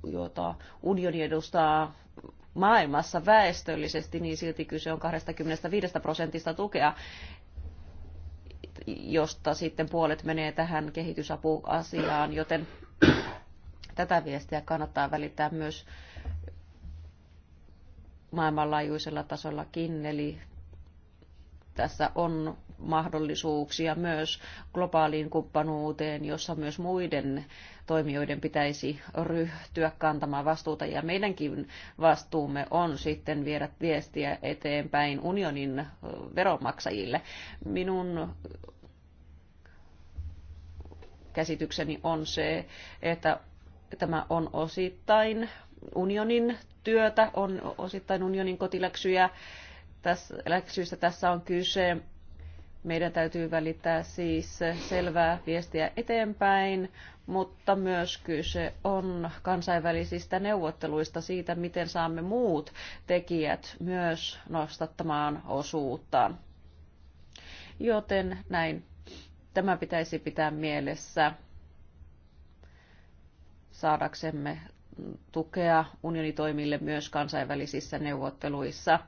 jota unioni edustaa maailmassa väestöllisesti, niin silti kyse on 25 prosentista tukea, josta sitten puolet menee tähän kehitysapuasiaan, joten tätä viestiä kannattaa välittää myös maailmanlaajuisella tasollakin, eli tässä on mahdollisuuksia myös globaaliin kumppanuuteen, jossa myös muiden toimijoiden pitäisi ryhtyä kantamaan vastuuta. Ja meidänkin vastuumme on sitten viedä viestiä eteenpäin unionin veronmaksajille. Minun käsitykseni on se, että tämä on osittain unionin työtä, on osittain unionin kotiläksyjä tässä, läksyistä tässä on kyse. Meidän täytyy välittää siis selvää viestiä eteenpäin, mutta myös kyse on kansainvälisistä neuvotteluista siitä, miten saamme muut tekijät myös nostattamaan osuuttaan. Joten näin tämä pitäisi pitää mielessä saadaksemme tukea unionitoimille myös kansainvälisissä neuvotteluissa.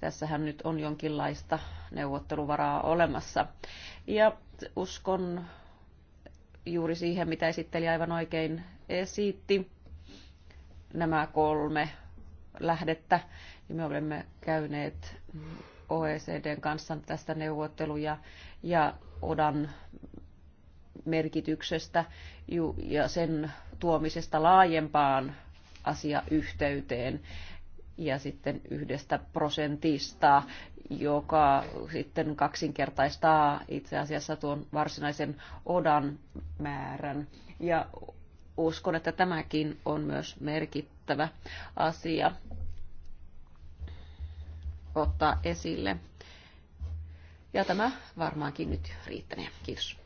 Tässähän nyt on jonkinlaista neuvotteluvaraa olemassa. Ja uskon juuri siihen, mitä esitteli aivan oikein esitti, nämä kolme lähdettä. Ja me olemme käyneet OECDn kanssa tästä neuvotteluja ja odan merkityksestä ja sen tuomisesta laajempaan asiayhteyteen ja sitten yhdestä prosentista, joka sitten kaksinkertaistaa itse asiassa tuon varsinaisen odan määrän. Ja uskon, että tämäkin on myös merkittävä asia ottaa esille. Ja tämä varmaankin nyt riittänee. Kiitos.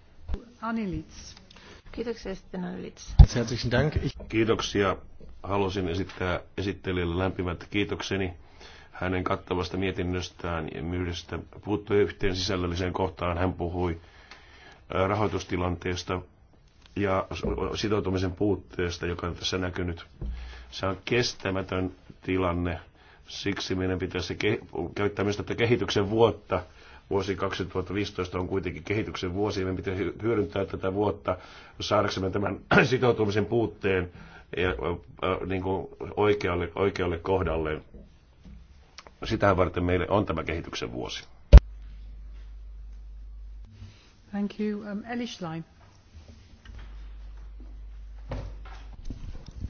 Anilits, Kiitoksia sitten Anilits. Kiitoksia halusin esittää esittelijälle lämpimät kiitokseni hänen kattavasta mietinnöstään ja myydestä. Puuttui yhteen sisällölliseen kohtaan. Hän puhui rahoitustilanteesta ja sitoutumisen puutteesta, joka on tässä näkynyt. Se on kestämätön tilanne. Siksi meidän pitäisi käyttää myös tätä kehityksen vuotta. Vuosi 2015 on kuitenkin kehityksen vuosi. Meidän pitäisi hyödyntää tätä vuotta saadaksemme tämän sitoutumisen puutteen E, niin kuin oikealle, oikealle kohdalle. Sitä varten meille on tämä kehityksen vuosi. Thank you. Um, Eli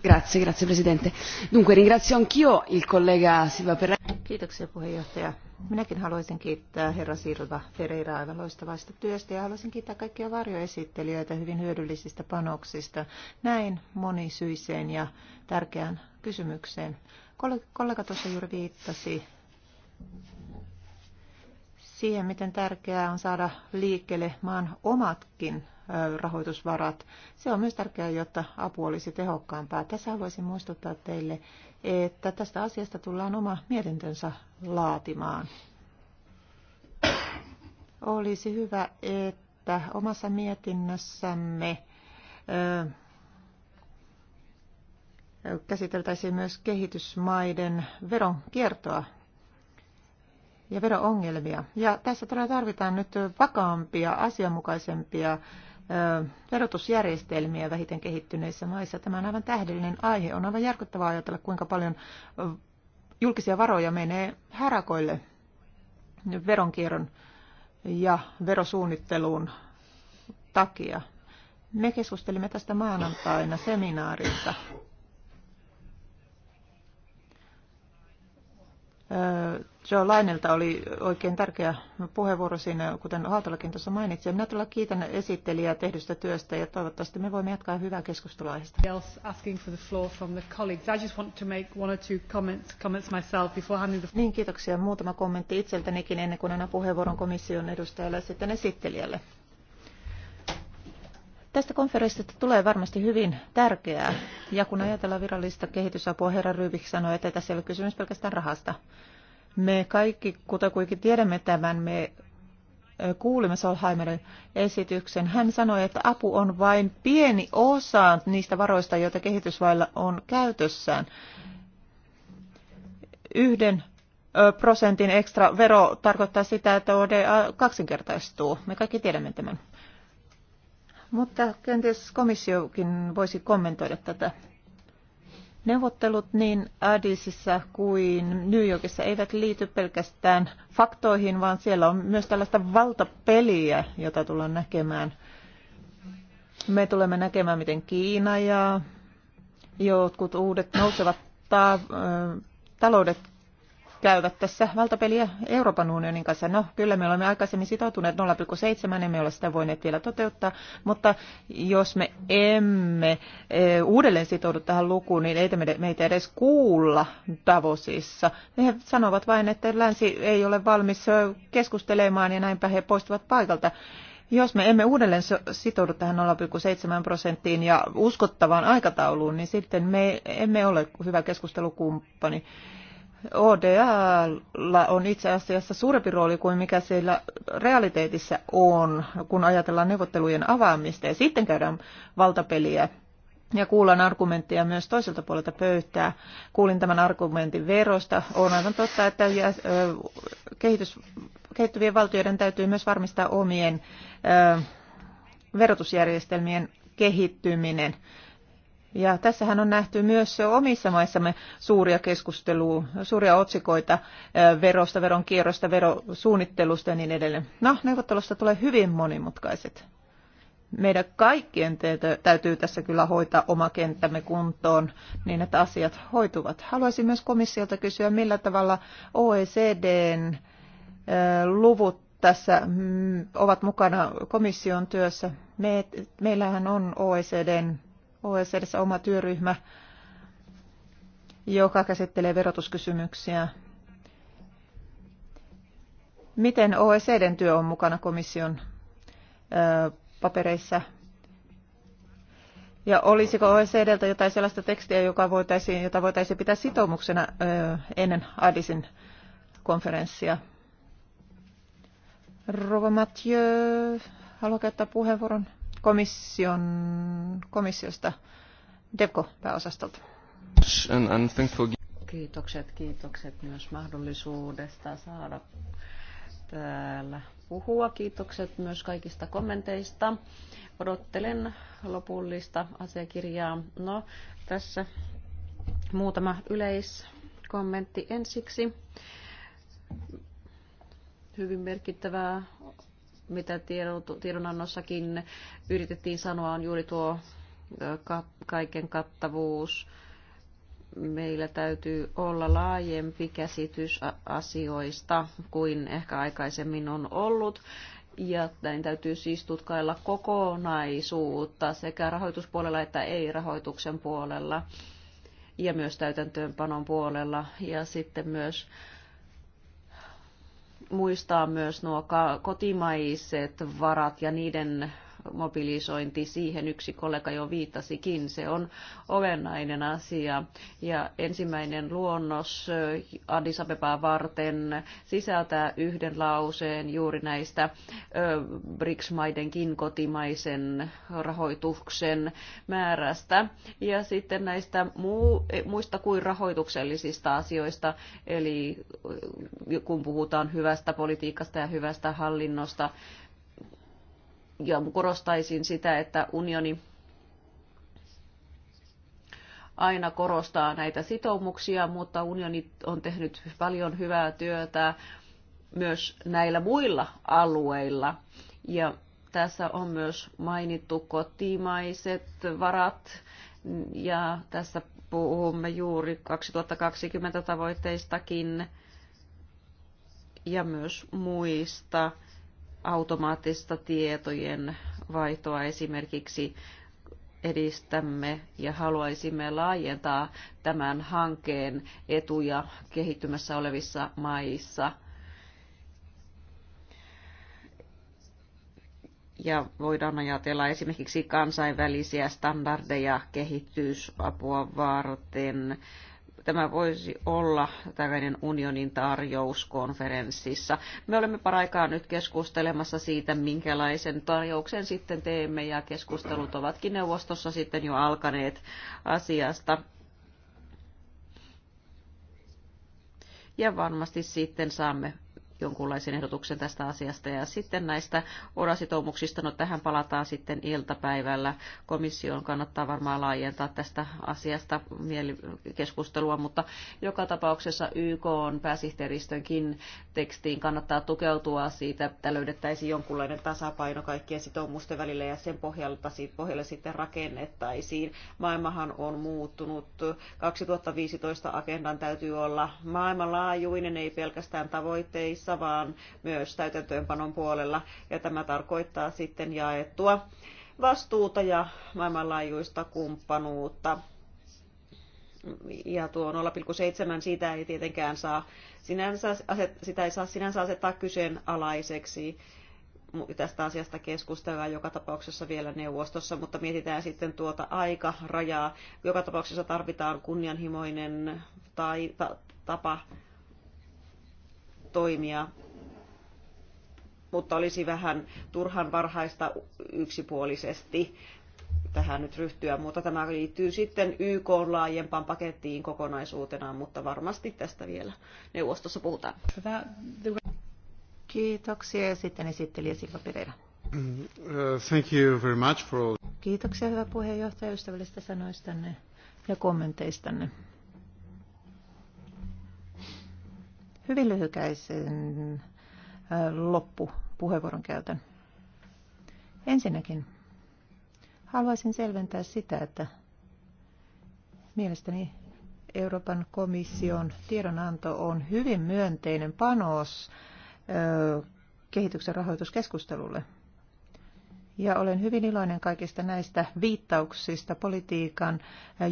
Grazie, grazie Presidente. Dunque ringrazio anch'io il collega Silva Perrani. Kiitoksia puheenjohtaja. Minäkin haluaisin kiittää herra Silva Pereira aivan loistavasta työstä ja haluaisin kiittää kaikkia varjoesittelijöitä hyvin hyödyllisistä panoksista näin monisyiseen ja tärkeään kysymykseen. Kollega tuossa juuri viittasi siihen, miten tärkeää on saada liikkeelle maan omatkin rahoitusvarat. Se on myös tärkeää, jotta apu olisi tehokkaampaa. Tässä haluaisin muistuttaa teille että tästä asiasta tullaan oma mietintönsä laatimaan. Olisi hyvä, että omassa mietinnössämme käsiteltäisiin myös kehitysmaiden veronkiertoa ja veroongelmia. Ja tässä todella tarvitaan nyt vakaampia, asianmukaisempia verotusjärjestelmiä vähiten kehittyneissä maissa. Tämä on aivan tähdellinen aihe. On aivan järkyttävää ajatella, kuinka paljon julkisia varoja menee härakoille veronkierron ja verosuunnitteluun takia. Me keskustelimme tästä maanantaina seminaarissa. Öö, Joo, Lainelta oli oikein tärkeä puheenvuoro siinä, kuten Haltalakin tuossa mainitsi. Minä tulla kiitän esittelijää tehdystä työstä ja toivottavasti me voimme jatkaa hyvää keskustelua aiheesta. Niin, kiitoksia. Muutama kommentti itseltänikin ennen kuin annan puheenvuoron komission edustajalle ja sitten esittelijälle. Tästä konferenssista tulee varmasti hyvin tärkeää, ja kun ajatellaan virallista kehitysapua, herra Rybik sanoi, että tässä ei ole kysymys pelkästään rahasta. Me kaikki kutakuinkin tiedämme tämän, me kuulimme Solheimerin esityksen. Hän sanoi, että apu on vain pieni osa niistä varoista, joita kehitysvailla on käytössään. Yhden prosentin ekstra vero tarkoittaa sitä, että ODA kaksinkertaistuu. Me kaikki tiedämme tämän. Mutta kenties komissiokin voisi kommentoida tätä. Neuvottelut niin Addisissa kuin New Yorkissa eivät liity pelkästään faktoihin, vaan siellä on myös tällaista valtapeliä, jota tullaan näkemään. Me tulemme näkemään, miten Kiina ja jotkut uudet nousevat ta- taloudet käyvät tässä valtapeliä Euroopan unionin kanssa. No, kyllä me olemme aikaisemmin sitoutuneet 0,7, emme ole sitä voineet vielä toteuttaa, mutta jos me emme eh, uudelleen sitoudu tähän lukuun, niin ei meitä edes kuulla Davosissa. He sanovat vain, että länsi ei ole valmis eh, keskustelemaan ja näinpä he poistuvat paikalta jos me emme uudelleen sitoudu tähän 0,7 prosenttiin ja uskottavaan aikatauluun, niin sitten me emme ole hyvä keskustelukumppani. ODA on itse asiassa suurempi rooli kuin mikä siellä realiteetissa on, kun ajatellaan neuvottelujen avaamista ja sitten käydään valtapeliä. Ja kuullaan argumentteja myös toiselta puolelta pöytää. Kuulin tämän argumentin verosta. On aivan totta, että kehitys, kehittyvien valtioiden täytyy myös varmistaa omien verotusjärjestelmien kehittyminen. Ja tässähän on nähty myös omissa maissamme suuria keskustelua, suuria otsikoita verosta, kierrosta, verosuunnittelusta ja niin edelleen. No, neuvottelusta tulee hyvin monimutkaiset. Meidän kaikkien täytyy tässä kyllä hoitaa oma kenttämme kuntoon niin, että asiat hoituvat. Haluaisin myös komissiolta kysyä, millä tavalla OECDn luvut tässä mm, ovat mukana komission työssä. Me, meillähän on OECDn OECDssä oma työryhmä, joka käsittelee verotuskysymyksiä. Miten OECDn työ on mukana komission papereissa? Ja olisiko OECDltä jotain sellaista tekstiä, joka voitaisiin, jota voitaisiin pitää sitoumuksena ennen Addisin konferenssia? Rova Mathieu, haluaa käyttää puheenvuoron? komission, komissiosta, DEVCO-pääosastolta. Kiitokset, kiitokset myös mahdollisuudesta saada täällä puhua. Kiitokset myös kaikista kommenteista. Odottelen lopullista asiakirjaa. No, tässä muutama yleiskommentti ensiksi. Hyvin merkittävää mitä tiedonannossakin yritettiin sanoa, on juuri tuo kaiken kattavuus. Meillä täytyy olla laajempi käsitys asioista kuin ehkä aikaisemmin on ollut. Ja näin täytyy siis tutkailla kokonaisuutta sekä rahoituspuolella että ei-rahoituksen puolella ja myös täytäntöönpanon puolella ja sitten myös muistaa myös nuo kotimaiset varat ja niiden mobilisointi, siihen yksi kollega jo viittasikin, se on olennainen asia. Ja ensimmäinen luonnos Addis Abebaa varten sisältää yhden lauseen juuri näistä BRICS-maidenkin kotimaisen rahoituksen määrästä. Ja sitten näistä muu, e, muista kuin rahoituksellisista asioista, eli kun puhutaan hyvästä politiikasta ja hyvästä hallinnosta, ja korostaisin sitä, että unioni aina korostaa näitä sitoumuksia, mutta unioni on tehnyt paljon hyvää työtä myös näillä muilla alueilla. Ja tässä on myös mainittu kotimaiset varat ja tässä puhumme juuri 2020 tavoitteistakin ja myös muista automaattista tietojen vaihtoa esimerkiksi edistämme ja haluaisimme laajentaa tämän hankkeen etuja kehittymässä olevissa maissa. Ja voidaan ajatella esimerkiksi kansainvälisiä standardeja kehitysapua varten tämä voisi olla tällainen unionin tarjous konferenssissa. Me olemme paraikaa nyt keskustelemassa siitä, minkälaisen tarjouksen sitten teemme ja keskustelut ovatkin neuvostossa sitten jo alkaneet asiasta. Ja varmasti sitten saamme jonkunlaisen ehdotuksen tästä asiasta. Ja sitten näistä orasitoumuksista, no tähän palataan sitten iltapäivällä. Komission kannattaa varmaan laajentaa tästä asiasta keskustelua, mutta joka tapauksessa YK on pääsihteeristönkin tekstiin kannattaa tukeutua siitä, että löydettäisiin jonkunlainen tasapaino kaikkien sitoumusten välillä ja sen pohjalta pohjalle sitten rakennettaisiin. Maailmahan on muuttunut. 2015 agendan täytyy olla maailmanlaajuinen, ei pelkästään tavoitteissa komissiossa, vaan myös täytäntöönpanon puolella. Ja tämä tarkoittaa sitten jaettua vastuuta ja maailmanlaajuista kumppanuutta. Ja tuo 0,7 sitä ei tietenkään saa sinänsä, sitä ei saa sinänsä asettaa kyseenalaiseksi tästä asiasta keskustellaan joka tapauksessa vielä neuvostossa, mutta mietitään sitten tuota aikarajaa. Joka tapauksessa tarvitaan kunnianhimoinen tai ta, tapa toimia, mutta olisi vähän turhan varhaista yksipuolisesti tähän nyt ryhtyä, mutta tämä liittyy sitten YK laajempaan pakettiin kokonaisuutena, mutta varmasti tästä vielä neuvostossa puhutaan. Kiitoksia ja sitten esittelijä Silva Pereira. Thank you very much for... Kiitoksia hyvä puheenjohtaja ystävällistä sanoistanne ja kommenteistanne. hyvin lyhykäisen loppupuheenvuoron käytän. Ensinnäkin haluaisin selventää sitä, että mielestäni Euroopan komission tiedonanto on hyvin myönteinen panos kehityksen rahoituskeskustelulle. Ja olen hyvin iloinen kaikista näistä viittauksista politiikan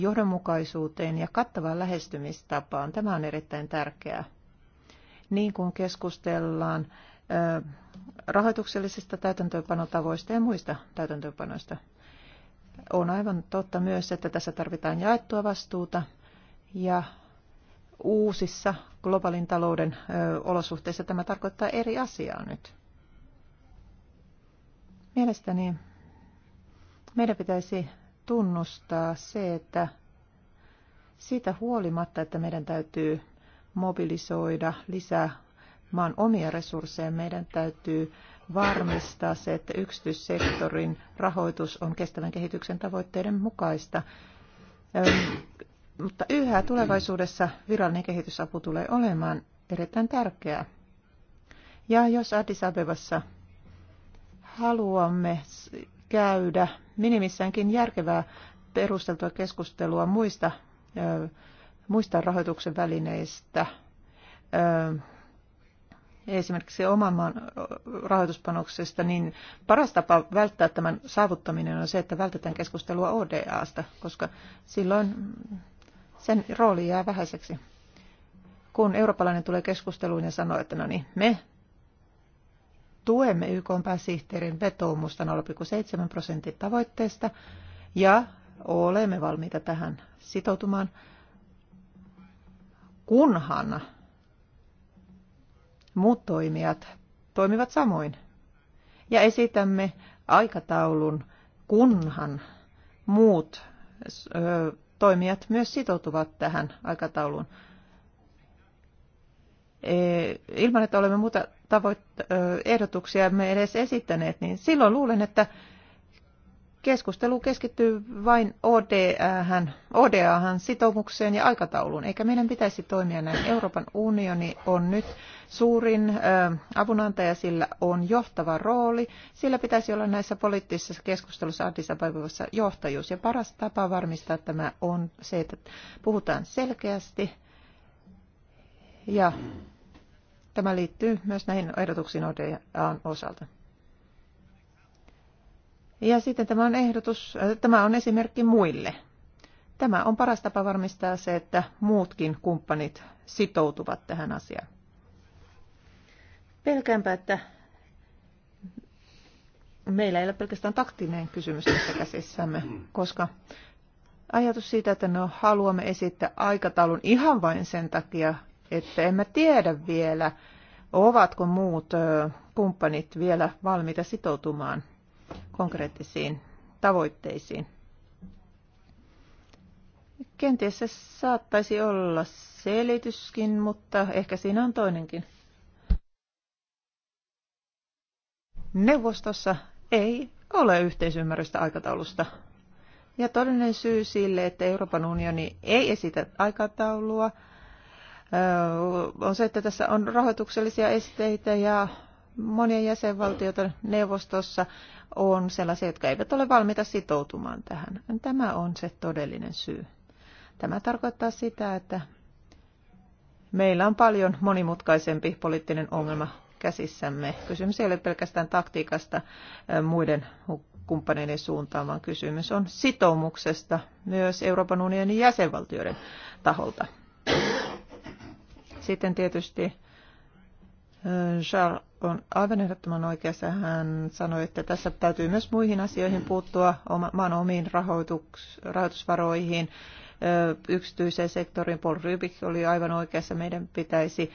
johdonmukaisuuteen ja kattavaan lähestymistapaan. Tämä on erittäin tärkeää niin kuin keskustellaan rahoituksellisista täytäntöönpanotavoista ja muista täytäntöönpanoista. On aivan totta myös, että tässä tarvitaan jaettua vastuuta ja uusissa globaalin talouden olosuhteissa tämä tarkoittaa eri asiaa nyt. Mielestäni meidän pitäisi tunnustaa se, että siitä huolimatta, että meidän täytyy mobilisoida lisää maan omia resursseja. Meidän täytyy varmistaa se, että yksityissektorin rahoitus on kestävän kehityksen tavoitteiden mukaista. Mutta yhä tulevaisuudessa virallinen kehitysapu tulee olemaan erittäin tärkeää. Ja jos Addis Abebassa haluamme käydä minimissäänkin järkevää perusteltua keskustelua muista muista rahoituksen välineistä. Esimerkiksi oman maan rahoituspanoksesta, niin paras tapa välttää tämän saavuttaminen on se, että vältetään keskustelua ODAsta, koska silloin sen rooli jää vähäiseksi. Kun eurooppalainen tulee keskusteluun ja sanoo, että no niin, me tuemme YK pääsihteerin vetoomusta 0,7 prosentin tavoitteesta ja olemme valmiita tähän sitoutumaan, kunhan muut toimijat toimivat samoin. Ja esitämme aikataulun, kunhan muut ö, toimijat myös sitoutuvat tähän aikatauluun. E, ilman, että olemme muuta tavoit- ehdotuksia me edes esittäneet, niin silloin luulen, että Keskustelu keskittyy vain ODAhan, ODAhan sitoumukseen ja aikatauluun, eikä meidän pitäisi toimia näin. Euroopan unioni on nyt suurin avunantaja, sillä on johtava rooli. Sillä pitäisi olla näissä poliittisissa keskustelussa Addis Abebassa johtajuus. Ja paras tapa varmistaa tämä on se, että puhutaan selkeästi ja Tämä liittyy myös näihin ehdotuksiin ODAn osalta. Ja sitten tämä on, ehdotus, äh, tämä on esimerkki muille. Tämä on paras tapa varmistaa se, että muutkin kumppanit sitoutuvat tähän asiaan. Pelkäänpä, että meillä ei ole pelkästään taktinen kysymys tässä käsissämme, koska ajatus siitä, että no haluamme esittää aikataulun ihan vain sen takia, että emme tiedä vielä, ovatko muut kumppanit vielä valmiita sitoutumaan konkreettisiin tavoitteisiin. Kenties se saattaisi olla selityskin, mutta ehkä siinä on toinenkin. Neuvostossa ei ole yhteisymmärrystä aikataulusta. Ja todellinen syy sille, että Euroopan unioni ei esitä aikataulua, on se, että tässä on rahoituksellisia esteitä ja monia jäsenvaltioita neuvostossa on sellaisia, jotka eivät ole valmiita sitoutumaan tähän. Tämä on se todellinen syy. Tämä tarkoittaa sitä, että meillä on paljon monimutkaisempi poliittinen ongelma käsissämme. Kysymys ei ole pelkästään taktiikasta muiden kumppaneiden suuntaan, vaan kysymys on sitoumuksesta myös Euroopan unionin jäsenvaltioiden taholta. Sitten tietysti Charles on aivan ehdottoman oikeassa. Hän sanoi, että tässä täytyy myös muihin asioihin puuttua, maan omiin rahoituks, rahoitusvaroihin, yksityiseen sektoriin. Paul Rybik oli aivan oikeassa. Meidän pitäisi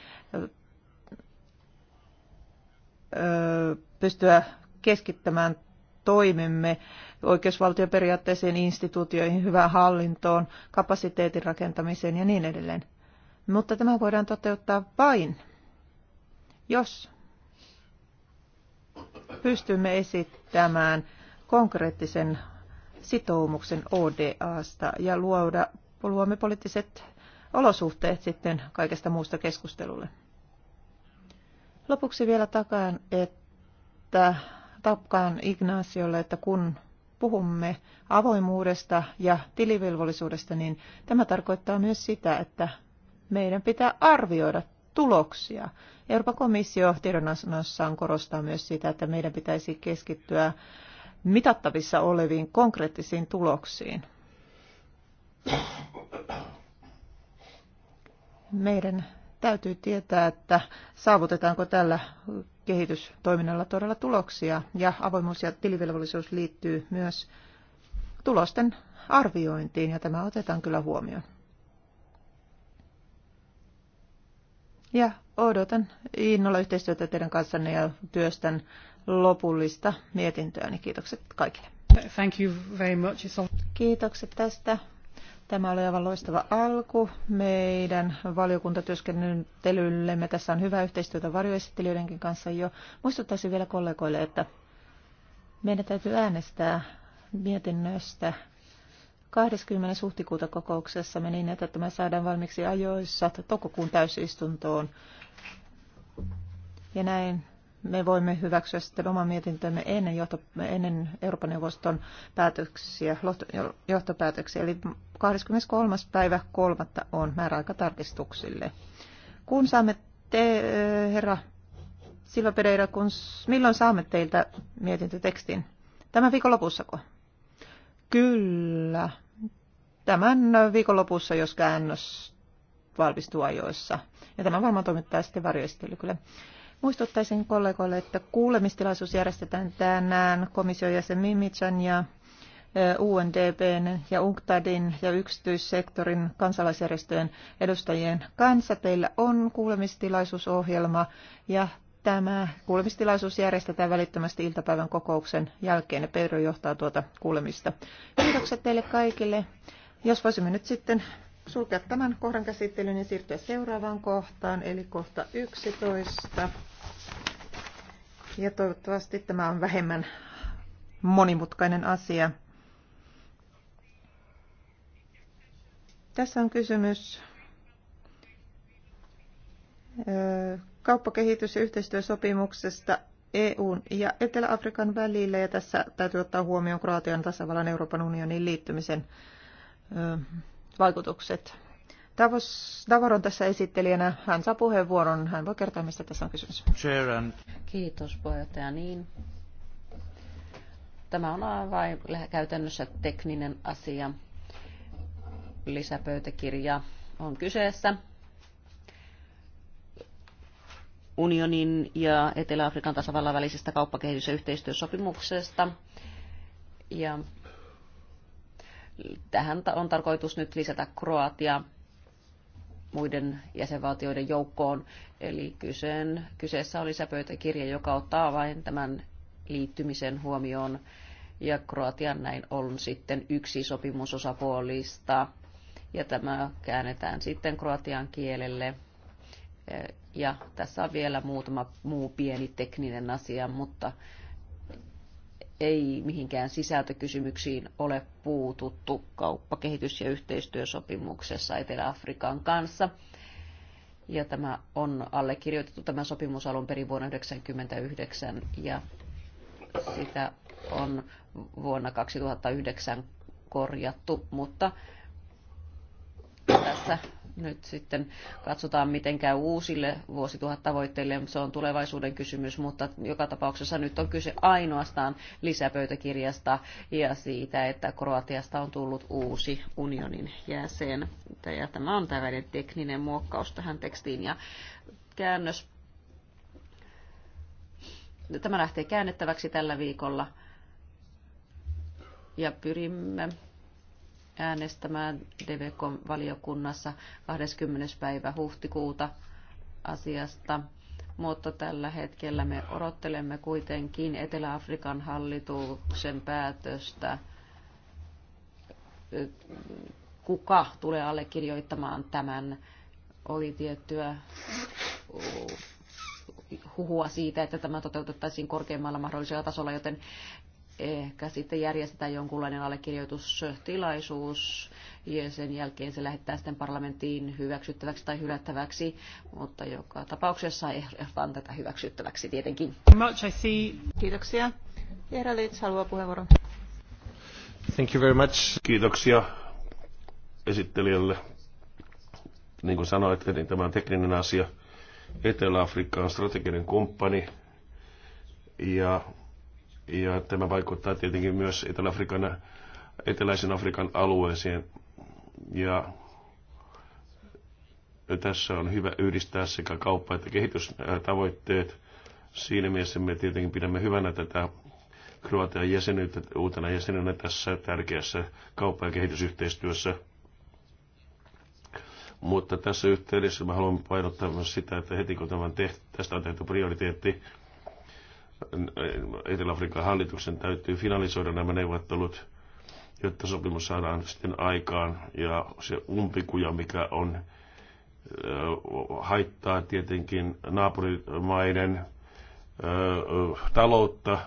pystyä keskittämään toimimme oikeusvaltioperiaatteeseen, instituutioihin, hyvään hallintoon, kapasiteetin rakentamiseen ja niin edelleen. Mutta tämä voidaan toteuttaa vain jos pystymme esittämään konkreettisen sitoumuksen ODAsta ja luoda, luomme poliittiset olosuhteet sitten kaikesta muusta keskustelulle. Lopuksi vielä takaan, että tapkaan Ignaciolle, että kun puhumme avoimuudesta ja tilivelvollisuudesta, niin tämä tarkoittaa myös sitä, että meidän pitää arvioida tuloksia. Euroopan komissio tiedonannossaan korostaa myös sitä, että meidän pitäisi keskittyä mitattavissa oleviin konkreettisiin tuloksiin. Meidän täytyy tietää, että saavutetaanko tällä kehitystoiminnalla todella tuloksia. Ja avoimuus ja tilivelvollisuus liittyy myös tulosten arviointiin, ja tämä otetaan kyllä huomioon. Ja odotan innolla yhteistyötä teidän kanssanne ja työstän lopullista mietintöäni. Niin kiitokset kaikille. Thank you very much. all... Kiitokset tästä. Tämä oli aivan loistava alku meidän valiokuntatyöskentelyllemme. Tässä on hyvää yhteistyötä varjoesittelijöidenkin kanssa jo. Muistuttaisin vielä kollegoille, että meidän täytyy äänestää mietinnöstä 20. huhtikuuta kokouksessa me niin, että tämä saadaan valmiiksi ajoissa toukokuun täysistuntoon. Ja näin me voimme hyväksyä sitten oman mietintömme ennen, johto, ennen Euroopan neuvoston päätöksiä, johtopäätöksiä. Eli 23. päivä kolmatta on määräaika tarkistuksille. Kun saamme te, eh, herra Silva Pereira, kun, milloin saamme teiltä mietintötekstin? Tämän viikon lopussako? Kyllä. Tämän viikonlopussa, jos käännös valmistuu ajoissa. Ja tämä varmaan toimittaa sitten varjoistelykylle. Muistuttaisin kollegoille, että kuulemistilaisuus järjestetään tänään komission jäsen Mimitsan ja UNDPn ja UNCTADin ja yksityissektorin kansalaisjärjestöjen edustajien kanssa. Teillä on kuulemistilaisuusohjelma ja Tämä kuulemistilaisuus järjestetään välittömästi iltapäivän kokouksen jälkeen ja Pedro johtaa tuota kuulemista. Kiitokset teille kaikille. Jos voisimme nyt sitten sulkea tämän kohdan käsittelyn ja siirtyä seuraavaan kohtaan, eli kohta 11. Ja toivottavasti tämä on vähemmän monimutkainen asia. Tässä on kysymys kauppakehitys- ja yhteistyösopimuksesta EUn ja Etelä-Afrikan välillä, ja tässä täytyy ottaa huomioon Kroatian tasavallan Euroopan unionin liittymisen ö, vaikutukset. Davos, Davor on tässä esittelijänä. Hän saa puheenvuoron. Hän voi kertoa, mistä tässä on kysymys. Sharon. Kiitos puheenjohtaja. Niin. Tämä on vain käytännössä tekninen asia. Lisäpöytäkirja on kyseessä unionin ja Etelä-Afrikan tasavallan välisestä kauppakehitys- ja yhteistyösopimuksesta. Ja tähän on tarkoitus nyt lisätä Kroatia muiden jäsenvaltioiden joukkoon. Eli kyseen, kyseessä on lisäpöytäkirja, joka ottaa vain tämän liittymisen huomioon. Ja Kroatian näin on sitten yksi sopimusosapuolista. Ja tämä käännetään sitten kroatian kielelle ja tässä on vielä muutama muu pieni tekninen asia, mutta ei mihinkään sisältökysymyksiin ole puututtu kauppa-, kehitys- ja yhteistyösopimuksessa Etelä-Afrikan kanssa. Ja tämä on allekirjoitettu tämä sopimus alun perin vuonna 1999 ja sitä on vuonna 2009 korjattu, mutta tässä nyt sitten katsotaan, miten käy uusille vuosituhattavoitteille. Se on tulevaisuuden kysymys, mutta joka tapauksessa nyt on kyse ainoastaan lisäpöytäkirjasta ja siitä, että Kroatiasta on tullut uusi unionin jäsen. Ja tämä on tällainen tekninen muokkaus tähän tekstiin ja käännös. Tämä lähtee käännettäväksi tällä viikolla ja pyrimme äänestämään DVK-valiokunnassa 20. päivä huhtikuuta asiasta, mutta tällä hetkellä me odottelemme kuitenkin Etelä-Afrikan hallituksen päätöstä, kuka tulee allekirjoittamaan tämän. Oli tiettyä huhua siitä, että tämä toteutettaisiin korkeimmalla mahdollisella tasolla, joten ehkä sitten järjestetään jonkunlainen allekirjoitustilaisuus ja sen jälkeen se lähettää sitten parlamenttiin hyväksyttäväksi tai hylättäväksi, mutta joka tapauksessa ehdotan tätä hyväksyttäväksi tietenkin. Much I see. Kiitoksia. Eera Leitz haluaa puheenvuoron. Thank you very much. Kiitoksia esittelijälle. Niin kuin sanoitte, niin tämä on tekninen asia. Etelä-Afrikka on strateginen kumppani ja ja tämä vaikuttaa tietenkin myös Etelä-Afrikan, Eteläisen Afrikan alueeseen. Ja tässä on hyvä yhdistää sekä kauppa- että kehitystavoitteet. Siinä mielessä me tietenkin pidämme hyvänä tätä Kroatian jäsenyyttä uutena jäsenenä tässä tärkeässä kauppa- ja kehitysyhteistyössä. Mutta tässä yhteydessä mä haluan painottaa myös sitä, että heti kun tämän tehty, tästä on tehty prioriteetti, Etelä-Afrikan hallituksen täytyy finalisoida nämä neuvottelut, jotta sopimus saadaan sitten aikaan. Ja se umpikuja, mikä on, haittaa tietenkin naapurimaiden taloutta.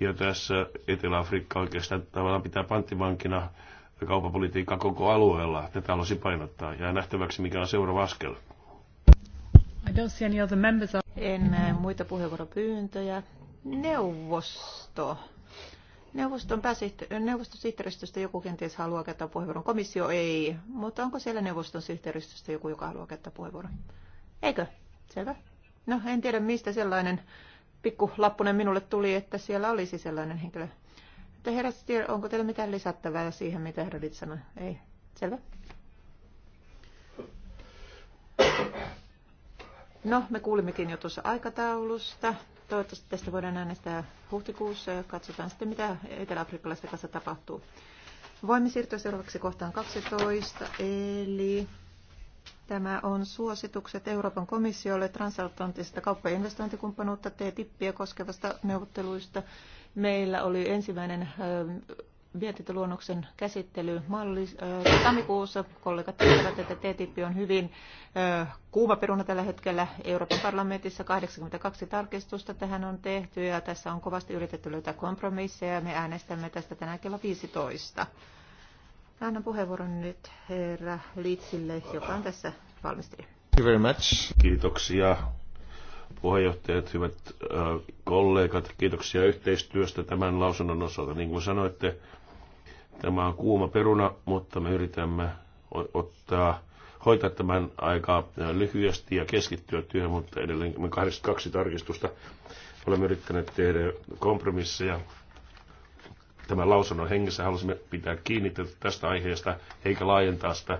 Ja tässä Etelä-Afrikka oikeastaan tavallaan pitää panttivankina kaupapolitiikkaa koko alueella. Tätä haluaisin painottaa. Ja nähtäväksi, mikä on seuraava askel. I don't see any other members of... En näe muita puheenvuoropyyntöjä. Neuvosto. Neuvoston pääsihteeristö, neuvostosihteeristöstä joku kenties haluaa käyttää puheenvuoron. Komissio ei, mutta onko siellä neuvoston sihteeristöstä joku, joka haluaa käyttää puheenvuoron? Eikö? Selvä. No, en tiedä mistä sellainen pikku lappunen minulle tuli, että siellä olisi sellainen henkilö. Mutta herra onko teillä mitään lisättävää siihen, mitä herra sanoi? Ei. Selvä. No, me kuulimmekin jo tuossa aikataulusta. Toivottavasti tästä voidaan äänestää huhtikuussa ja katsotaan sitten, mitä eteläafrikkalaisten kanssa tapahtuu. Voimme siirtyä seuraavaksi kohtaan 12, eli tämä on suositukset Euroopan komissiolle transatlanttisesta kauppa- ja investointikumppanuutta TTIPiä koskevasta neuvotteluista. Meillä oli ensimmäinen mietintöluonnoksen käsittely malli, tammikuussa. Kollegat tietävät, että TTIP on hyvin kuuma peruna tällä hetkellä. Euroopan parlamentissa 82 tarkistusta tähän on tehty ja tässä on kovasti yritetty löytää kompromisseja me äänestämme tästä tänään kello 15. Annan puheenvuoron nyt herra Litsille, joka on tässä valmistelija. Kiitoksia puheenjohtajat, hyvät kollegat, kiitoksia yhteistyöstä tämän lausunnon osalta. Niin kuin sanoitte, tämä on kuuma peruna, mutta me yritämme ottaa, hoitaa tämän aika lyhyesti ja keskittyä työhön, mutta edelleen me 22 tarkistusta olemme yrittäneet tehdä kompromisseja. Tämän lausunnon hengessä halusimme pitää kiinni tästä aiheesta eikä laajentaa sitä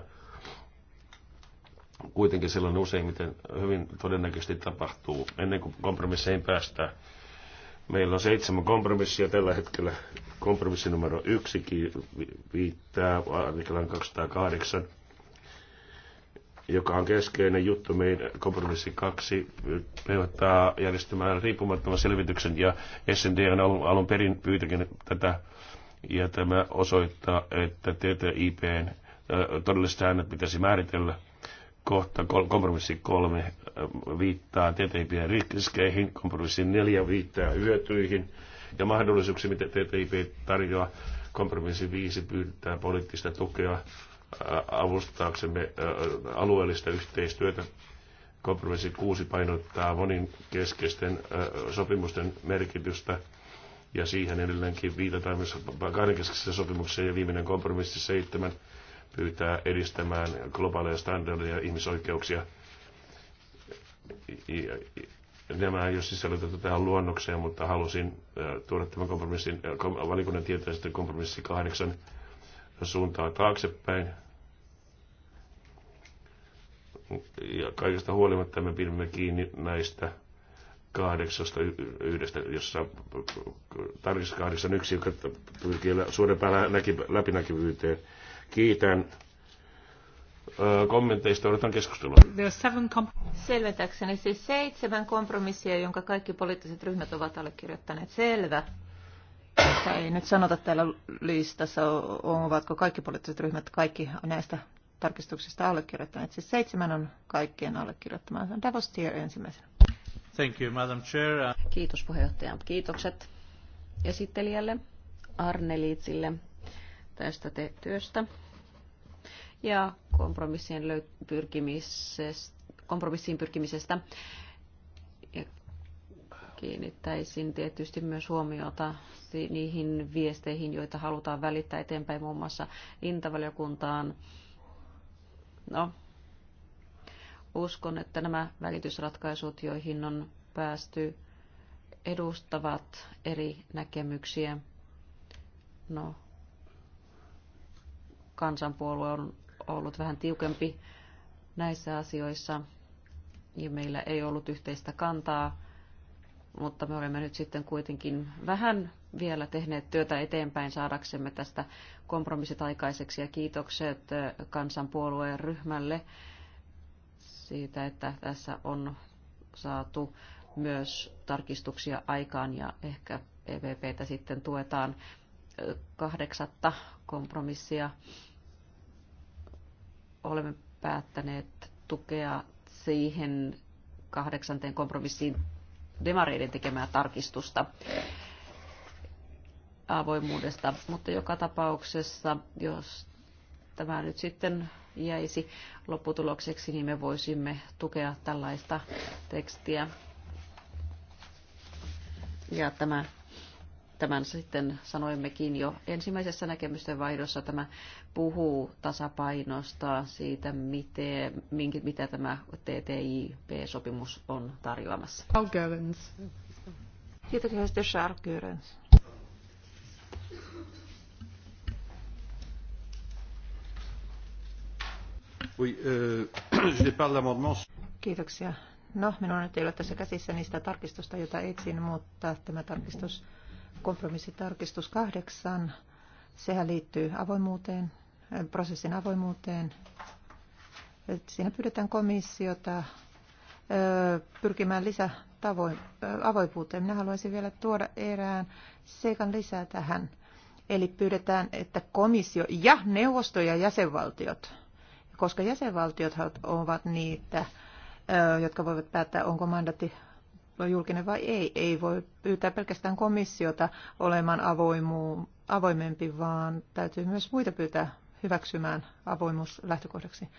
kuitenkin sellainen useimmiten hyvin todennäköisesti tapahtuu ennen kuin kompromisseihin päästään. Meillä on seitsemän kompromissia tällä hetkellä. Kompromissi numero yksi viittaa artiklan 208, joka on keskeinen juttu. Meidän kompromissi kaksi pehottaa järjestämään riippumattoman selvityksen ja SND on alun, alun perin pyytäkin tätä. Ja tämä osoittaa, että TTIPn todelliset säännöt pitäisi määritellä – kohta kompromissi kolme äh, viittaa TTIPn riskeihin, kompromissi neljä viittaa hyötyihin ja mahdollisuuksiin, mitä TTIP tarjoaa. Kompromissi viisi pyytää poliittista tukea äh, avustaaksemme äh, alueellista yhteistyötä. Kompromissi kuusi painottaa monin keskeisten sopimusten merkitystä ja siihen edelleenkin viitataan myös kahdenkeskisessä sopimuksessa ja viimeinen kompromissi seitsemän pyytää edistämään globaaleja standardeja ja ihmisoikeuksia. Nämä ei ole sisällytetty tähän luonnokseen, mutta halusin tuoda tämän kompromissin, valikunnan tietoisesti kompromissi kahdeksan suuntaa taaksepäin. Ja kaikesta huolimatta me pidimme kiinni näistä kahdeksasta yhdestä, jossa tarkistus kahdeksan yksi, joka pyrkii suurempään läpinäkyvyyteen Kiitän kommenteista odotan keskustelua. Selventäkseni siis seitsemän kompromissia, jonka kaikki poliittiset ryhmät ovat allekirjoittaneet. Selvä. Että ei nyt sanota täällä listassa, ovatko kaikki poliittiset ryhmät kaikki näistä tarkistuksista allekirjoittaneet. Siis seitsemän on kaikkien allekirjoittamaan. Davos Tier ensimmäisenä. Thank you, Madam Chair. Kiitos puheenjohtaja. Kiitokset esittelijälle Arne Liitsille tästä te- työstä ja kompromissien löy- pyrkimisestä, kompromissiin pyrkimisestä. Ja kiinnittäisin tietysti myös huomiota niihin viesteihin, joita halutaan välittää eteenpäin muun muassa intavaliokuntaan. No, uskon, että nämä välitysratkaisut, joihin on päästy, edustavat eri näkemyksiä. No, kansanpuolue on ollut vähän tiukempi näissä asioissa ja meillä ei ollut yhteistä kantaa, mutta me olemme nyt sitten kuitenkin vähän vielä tehneet työtä eteenpäin saadaksemme tästä kompromissit aikaiseksi ja kiitokset kansanpuolueen ryhmälle siitä, että tässä on saatu myös tarkistuksia aikaan ja ehkä EVPtä sitten tuetaan kahdeksatta kompromissia olemme päättäneet tukea siihen kahdeksanteen kompromissiin demareiden tekemää tarkistusta avoimuudesta. Mutta joka tapauksessa, jos tämä nyt sitten jäisi lopputulokseksi, niin me voisimme tukea tällaista tekstiä. Ja tämä Tämän sitten sanoimmekin jo ensimmäisessä näkemysten vaihdossa. Tämä puhuu tasapainosta siitä, miten, minkä, mitä tämä TTIP-sopimus on tarjoamassa. Kiitoksia sitten Charles Görens. Euh, Kiitoksia. No, minulla nyt ei ole tässä käsissä niistä tarkistusta, jota etsin, mutta tämä tarkistus Kompromissitarkistus kahdeksan. Sehän liittyy avoimuuteen, äh, prosessin avoimuuteen. Siinä pyydetään komissiota äh, pyrkimään äh, avoimuuteen. Minä haluaisin vielä tuoda erään seikan lisää tähän. Eli pyydetään, että komissio ja neuvosto ja jäsenvaltiot, koska jäsenvaltiot ovat niitä, jotka voivat päättää, onko mandaatti julkinen vai ei. Ei voi pyytää pelkästään komissiota olemaan avoimu, avoimempi, vaan täytyy myös muita pyytää hyväksymään avoimuus lähtökohdaksi.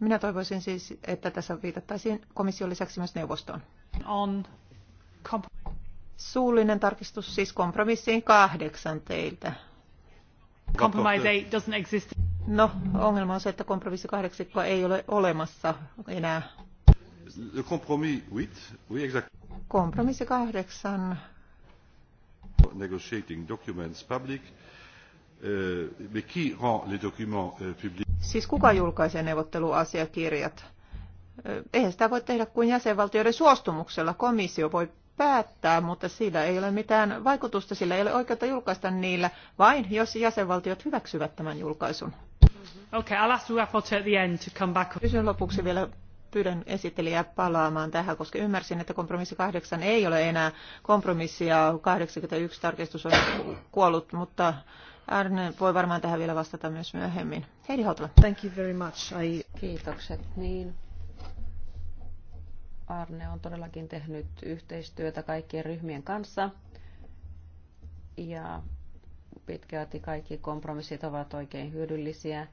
Minä toivoisin siis, että tässä viitattaisiin komission lisäksi myös neuvostoon. On Suullinen tarkistus siis kompromissiin kahdeksan teiltä. Compromise doesn't exist. No, ongelma on se, että kompromissi kahdeksikkoa ei ole olemassa enää. Kompromissi 8, oui, Kompromissi kahdeksan. Negotiating documents public, euh, mais qui rend les documents euh, publics? Siis kuka julkaisee neuvotteluasiakirjat? Äh, eihän sitä voi tehdä kuin jäsenvaltioiden suostumuksella. Komissio voi päättää, mutta sillä ei ole mitään vaikutusta, sillä ei ole oikeutta julkaista niillä, vain jos jäsenvaltiot hyväksyvät tämän julkaisun. Okay, I'll ask the rapporteur at the end to come back. Kysyn lopuksi vielä pyydän esittelijää palaamaan tähän, koska ymmärsin, että kompromissi 8 ei ole enää ja 81 tarkistus on kuollut, mutta Arne voi varmaan tähän vielä vastata myös myöhemmin. Heidi Hautala. Thank you very much. I... Kiitokset. Niin. Arne on todellakin tehnyt yhteistyötä kaikkien ryhmien kanssa. Ja pitkälti kaikki kompromissit ovat oikein hyödyllisiä.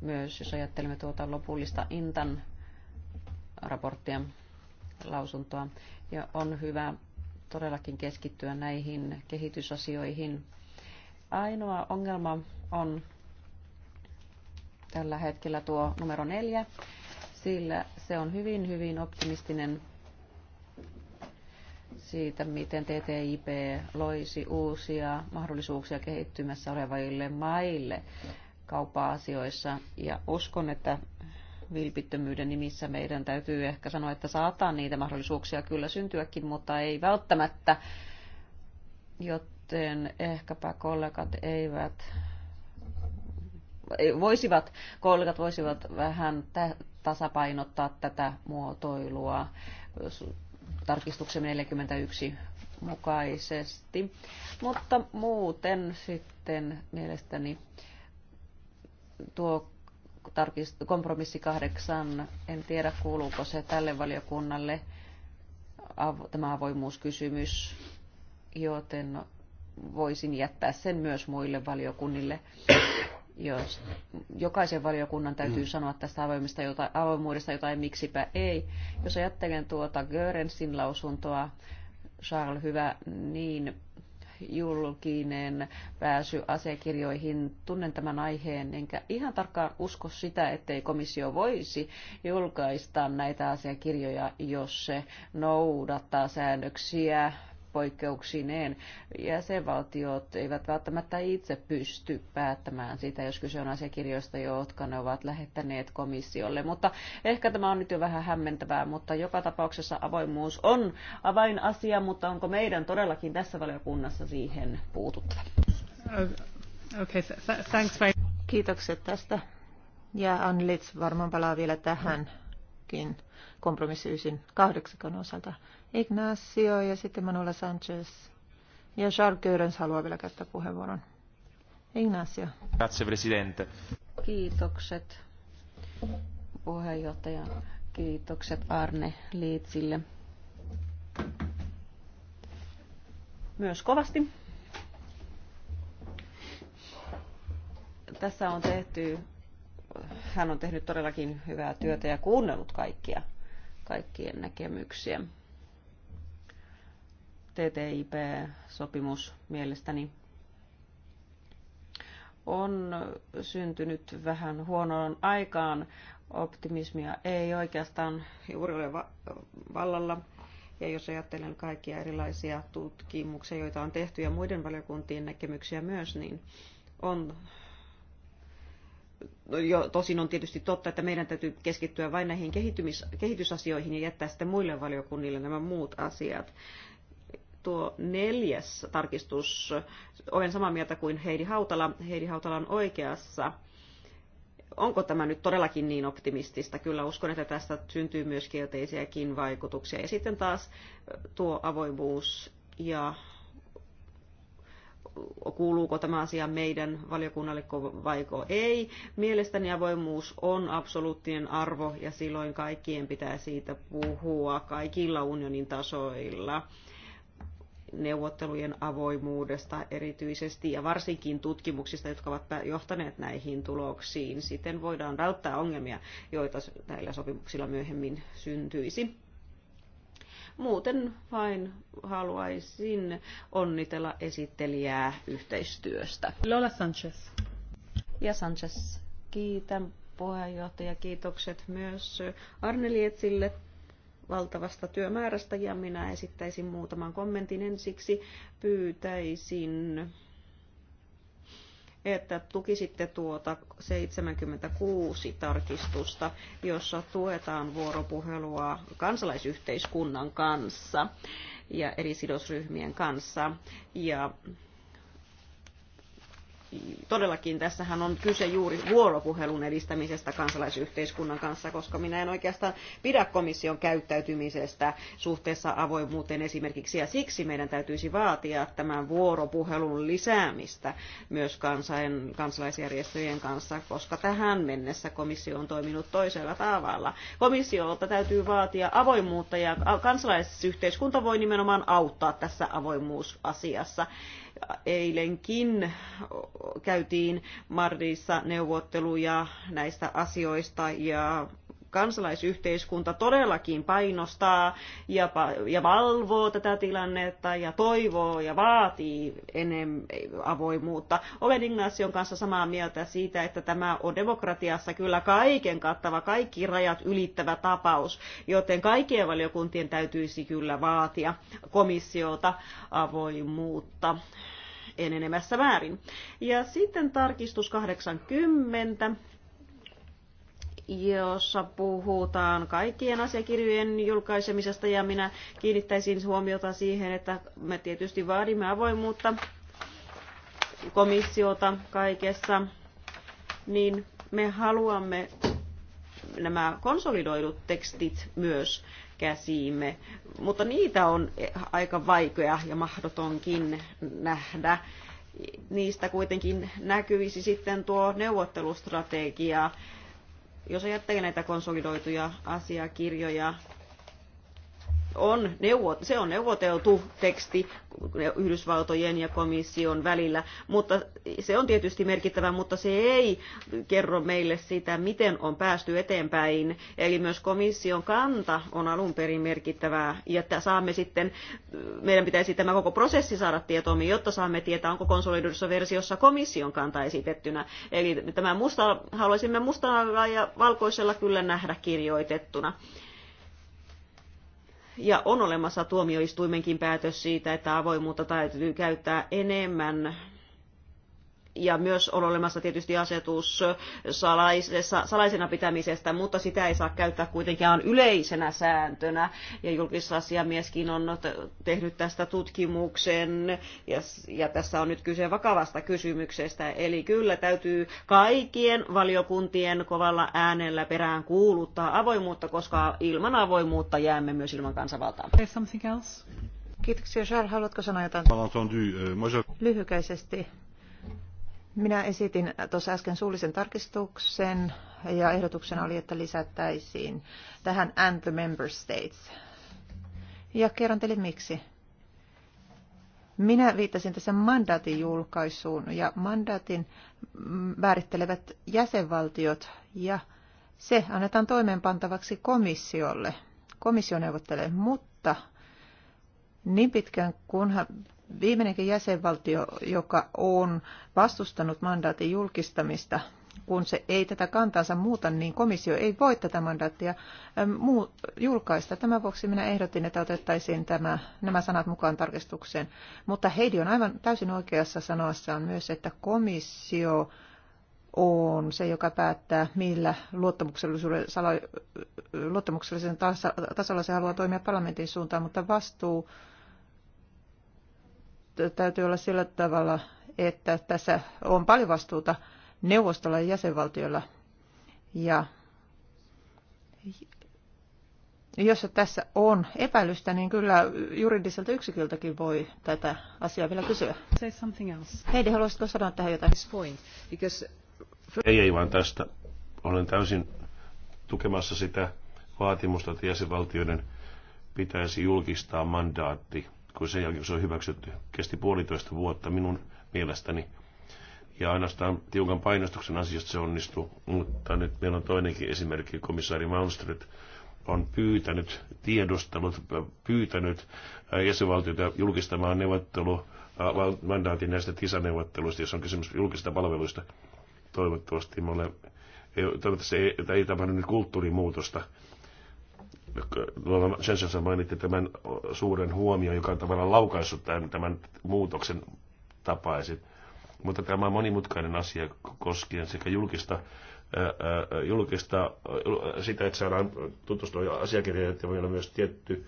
Myös jos ajattelemme tuota lopullista Intan raporttia, lausuntoa. Ja on hyvä todellakin keskittyä näihin kehitysasioihin. Ainoa ongelma on tällä hetkellä tuo numero neljä, sillä se on hyvin, hyvin optimistinen siitä, miten TTIP loisi uusia mahdollisuuksia kehittymässä oleville maille kauppa-asioissa. Ja uskon, että vilpittömyyden nimissä meidän täytyy ehkä sanoa, että saattaa niitä mahdollisuuksia kyllä syntyäkin, mutta ei välttämättä, joten ehkäpä kollegat eivät voisivat, kollegat voisivat vähän tasapainottaa tätä muotoilua tarkistuksen 41 mukaisesti. Mutta muuten sitten mielestäni tuo tarkist, kompromissi kahdeksan, en tiedä kuuluuko se tälle valiokunnalle tämä avoimuuskysymys, joten voisin jättää sen myös muille valiokunnille. Jos jokaisen valiokunnan täytyy sanoa tästä avoimesta jotain, avoimuudesta jotain, miksipä ei. Jos ajattelen tuota Görensin lausuntoa, Charles, hyvä, niin julkinen pääsy asiakirjoihin. Tunnen tämän aiheen, enkä ihan tarkkaan usko sitä, ettei komissio voisi julkaista näitä asiakirjoja, jos se noudattaa säännöksiä poikkeuksineen. Jäsenvaltiot eivät välttämättä itse pysty päättämään sitä, jos kyse on asiakirjoista, jotka ne ovat lähettäneet komissiolle. Mutta ehkä tämä on nyt jo vähän hämmentävää, mutta joka tapauksessa avoimuus on avainasia, mutta onko meidän todellakin tässä valiokunnassa siihen puututtava? Okay, thanks very... Kiitokset tästä. Ja Anlits varmaan palaa vielä tähänkin kompromissi kahdeksikon osalta. Ignacio ja sitten Manuela Sanchez. Ja Charles Görens haluaa vielä käyttää puheenvuoron. Ignacio. Grazie, Presidente. Kiitokset puheenjohtaja. Kiitokset Arne Liitsille. Myös kovasti. Tässä on tehty, hän on tehnyt todellakin hyvää työtä ja kuunnellut kaikkia, kaikkien näkemyksiä. TTIP-sopimus mielestäni on syntynyt vähän huonoon aikaan. Optimismia ei oikeastaan juuri ole va- vallalla. Ja jos ajattelen kaikkia erilaisia tutkimuksia, joita on tehty ja muiden valiokuntien näkemyksiä myös, niin on no jo, tosin on tietysti totta, että meidän täytyy keskittyä vain näihin kehitysasioihin ja jättää sitten muille valiokunnille nämä muut asiat tuo neljäs tarkistus, olen samaa mieltä kuin Heidi Hautala. Heidi Hautala on oikeassa. Onko tämä nyt todellakin niin optimistista? Kyllä uskon, että tästä syntyy myös kielteisiäkin vaikutuksia. Ja sitten taas tuo avoimuus ja kuuluuko tämä asia meidän valiokunnalle vaiko ei. Mielestäni avoimuus on absoluuttinen arvo ja silloin kaikkien pitää siitä puhua kaikilla unionin tasoilla neuvottelujen avoimuudesta erityisesti ja varsinkin tutkimuksista, jotka ovat johtaneet näihin tuloksiin. Siten voidaan välttää ongelmia, joita näillä sopimuksilla myöhemmin syntyisi. Muuten vain haluaisin onnitella esittelijää yhteistyöstä. Lola Sanchez. Ja Sanchez, kiitän puheenjohtaja. Kiitokset myös Arnelietsille valtavasta työmäärästä ja minä esittäisin muutaman kommentin ensiksi. Pyytäisin että tukisitte tuota 76 tarkistusta, jossa tuetaan vuoropuhelua kansalaisyhteiskunnan kanssa ja eri sidosryhmien kanssa. Ja todellakin tässähän on kyse juuri vuoropuhelun edistämisestä kansalaisyhteiskunnan kanssa, koska minä en oikeastaan pidä komission käyttäytymisestä suhteessa avoimuuteen esimerkiksi, ja siksi meidän täytyisi vaatia tämän vuoropuhelun lisäämistä myös kansain, kansalaisjärjestöjen kanssa, koska tähän mennessä komissio on toiminut toisella tavalla. Komissiolta täytyy vaatia avoimuutta, ja kansalaisyhteiskunta voi nimenomaan auttaa tässä avoimuusasiassa. Eilenkin käytiin Madridissa neuvotteluja näistä asioista ja kansalaisyhteiskunta todellakin painostaa ja, ja valvoo tätä tilannetta ja toivoo ja vaatii enemmän avoimuutta. Olen Ignacion kanssa samaa mieltä siitä, että tämä on demokratiassa kyllä kaiken kattava, kaikki rajat ylittävä tapaus, joten kaikkien valiokuntien täytyisi kyllä vaatia komissiota avoimuutta enenemässä määrin. Ja sitten tarkistus 80 jossa puhutaan kaikkien asiakirjojen julkaisemisesta ja minä kiinnittäisin huomiota siihen, että me tietysti vaadimme avoimuutta komissiota kaikessa, niin me haluamme nämä konsolidoidut tekstit myös käsiimme, mutta niitä on aika vaikea ja mahdotonkin nähdä. Niistä kuitenkin näkyisi sitten tuo neuvottelustrategia, jos ajattelee näitä konsolidoituja asiakirjoja, on se on neuvoteltu teksti Yhdysvaltojen ja komission välillä, mutta se on tietysti merkittävä, mutta se ei kerro meille sitä, miten on päästy eteenpäin. Eli myös komission kanta on alun perin merkittävää, ja että saamme sitten, meidän pitäisi tämä koko prosessi saada tietoomme, jotta saamme tietää, onko konsolidoidussa versiossa komission kanta esitettynä. Eli tämä musta, haluaisimme mustalla ja valkoisella kyllä nähdä kirjoitettuna. Ja on olemassa tuomioistuimenkin päätös siitä, että avoimuutta täytyy käyttää enemmän ja myös on olemassa tietysti asetus salaisena pitämisestä, mutta sitä ei saa käyttää kuitenkaan yleisenä sääntönä. Ja julkisasiamieskin on tehnyt tästä tutkimuksen ja, ja tässä on nyt kyse vakavasta kysymyksestä. Eli kyllä täytyy kaikkien valiokuntien kovalla äänellä perään kuuluttaa avoimuutta, koska ilman avoimuutta jäämme myös ilman kansanvaltaa. Kiitoksia. Charles, haluatko sanoa jotain? Euh, Lyhykäisesti minä esitin tuossa äsken suullisen tarkistuksen ja ehdotuksena oli, että lisättäisiin tähän and the member states. Ja kerron teille miksi. Minä viittasin tässä mandaatin julkaisuun ja mandaatin määrittelevät jäsenvaltiot ja se annetaan toimeenpantavaksi komissiolle. Komissio neuvottelee, mutta niin pitkään kunhan viimeinenkin jäsenvaltio, joka on vastustanut mandaatin julkistamista, kun se ei tätä kantaansa muuta, niin komissio ei voi tätä mandaattia ähm, muu, julkaista. Tämän vuoksi minä ehdotin, että otettaisiin tämä, nämä sanat mukaan tarkistukseen. Mutta Heidi on aivan täysin oikeassa sanoessaan myös, että komissio on se, joka päättää, millä luottamuksellisuuden tasolla se haluaa toimia parlamentin suuntaan, mutta vastuu täytyy olla sillä tavalla, että tässä on paljon vastuuta neuvostolla ja jäsenvaltioilla. Ja jos tässä on epäilystä, niin kyllä juridiselta yksiköltäkin voi tätä asiaa vielä kysyä. Say something else. Heidi, haluaisitko sanoa tähän jotain? Point, because... Ei, ei vaan tästä. Olen täysin tukemassa sitä vaatimusta, että jäsenvaltioiden pitäisi julkistaa mandaatti kun sen jälkeen se on hyväksytty. Kesti puolitoista vuotta minun mielestäni. Ja ainoastaan tiukan painostuksen asiasta se onnistui, Mutta nyt meillä on toinenkin esimerkki. Komissaari Malmström on pyytänyt tiedustelut, pyytänyt äh, jäsenvaltioita julkistamaan neuvottelu, äh, mandaatin näistä tisaneuvotteluista, jos on kysymys julkisista palveluista. Toivottavasti me olemme toivottavasti ei, ei tapahdu nyt kulttuurimuutosta, Jensensen mainitti tämän suuren huomion, joka on tavallaan laukaissut tämän, tämän muutoksen tapaisin. Mutta tämä on monimutkainen asia koskien sekä julkista, julkista sitä, että saadaan tutustua asiakirjoihin, että meillä on myös tietty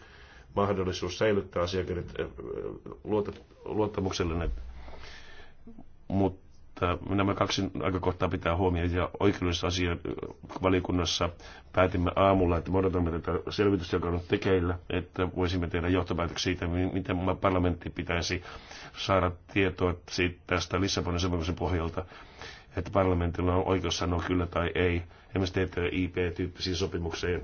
mahdollisuus säilyttää asiakirjat luottamuksellinen. Mutta että nämä kaksi aikakohtaa pitää huomioida ja oikeudellisasian valiokunnassa päätimme aamulla, että me odotamme tätä selvitystä, joka on tekeillä, että voisimme tehdä johtopäätöksiä siitä, miten parlamentti pitäisi saada tietoa siitä tästä Lissabonin sopimuksen pohjalta, että parlamentilla on oikeus sanoa kyllä tai ei, esimerkiksi tehdä IP-tyyppisiin sopimukseen,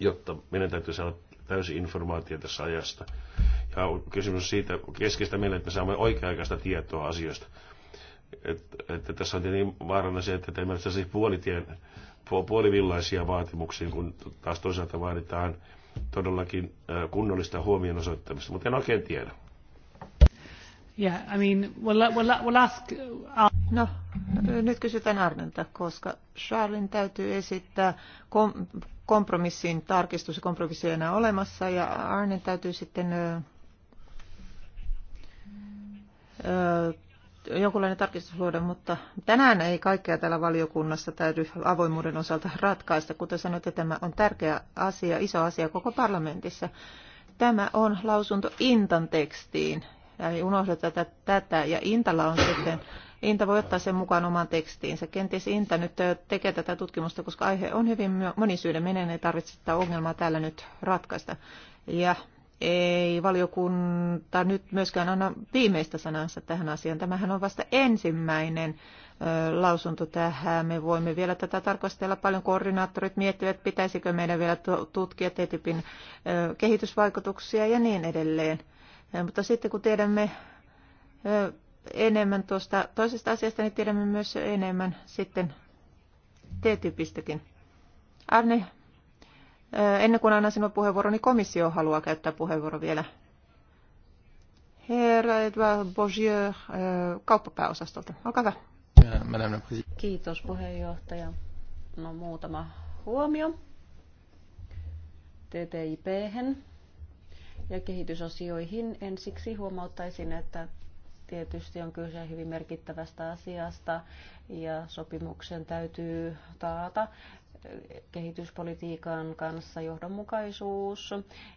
jotta meidän täytyy saada täysi informaatio tässä ajasta. Ja on kysymys siitä keskeistä meille, että me saamme oikea-aikaista tietoa asioista että, et, tässä on tietenkin vaarana se, että teemme siis puolitien, puolivillaisia vaatimuksia, kun taas toisaalta vaaditaan todellakin kunnollista huomion osoittamista, mutta en oikein tiedä. Yeah, I mean, we'll, we'll, we'll ask... Uh, no, nyt kysytään Arnelta, koska Charlin täytyy esittää kom- kompromissin tarkistus, kompromissi enää olemassa, ja Arnen täytyy sitten ö, ö, jonkunlainen tarkistus luoda, mutta tänään ei kaikkea täällä valiokunnassa täydy avoimuuden osalta ratkaista. Kuten sanoitte, tämä on tärkeä asia, iso asia koko parlamentissa. Tämä on lausunto Intan tekstiin. Ei unohdeta tätä, tätä. ja Intalla on sitten Inta voi ottaa sen mukaan oman tekstiinsä. Kenties Inta nyt tekee tätä tutkimusta, koska aihe on hyvin monisyinen. Meidän ei tarvitse sitä ongelmaa täällä nyt ratkaista. Ja ei valiokunta nyt myöskään anna viimeistä sanansa tähän asiaan. Tämähän on vasta ensimmäinen lausunto tähän. Me voimme vielä tätä tarkastella paljon. Koordinaattorit miettivät, pitäisikö meidän vielä tutkia TTIPin kehitysvaikutuksia ja niin edelleen. Mutta sitten kun tiedämme enemmän tuosta toisesta asiasta, niin tiedämme myös enemmän sitten TTIPistäkin. Arne, Ennen kuin annan sinulle puheenvuoron, niin komissio haluaa käyttää puheenvuoron vielä. Herra Edouard Bourgieu kauppapääosastolta. Olkaa hyvä. Kiitos puheenjohtaja. No muutama huomio ttip ja kehitysasioihin. Ensiksi huomauttaisin, että tietysti on kyse hyvin merkittävästä asiasta ja sopimuksen täytyy taata kehityspolitiikan kanssa johdonmukaisuus.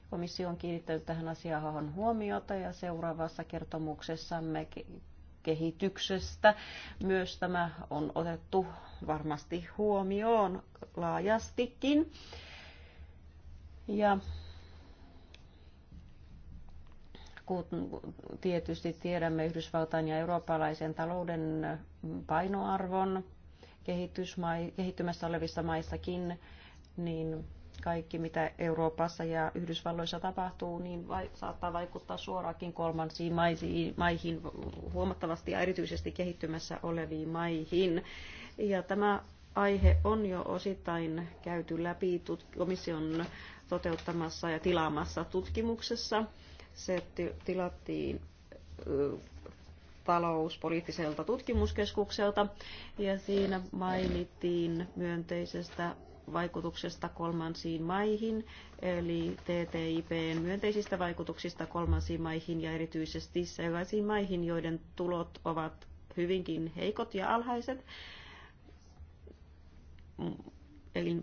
Komissio on kiinnittänyt tähän asiaan huomiota ja seuraavassa kertomuksessamme kehityksestä. Myös tämä on otettu varmasti huomioon laajastikin. Ja kun tietysti tiedämme Yhdysvaltain ja eurooppalaisen talouden painoarvon, kehittymässä olevissa maissakin, niin kaikki mitä Euroopassa ja Yhdysvalloissa tapahtuu, niin vai, saattaa vaikuttaa suoraakin kolmansiin maisiin, maihin huomattavasti ja erityisesti kehittymässä oleviin maihin. Ja tämä aihe on jo osittain käyty läpi komission toteuttamassa ja tilaamassa tutkimuksessa. Se tilattiin talouspoliittiselta tutkimuskeskukselta ja siinä mainittiin myönteisestä vaikutuksesta kolmansiin maihin, eli TTIPn myönteisistä vaikutuksista kolmansiin maihin ja erityisesti sellaisiin maihin, joiden tulot ovat hyvinkin heikot ja alhaiset. Eli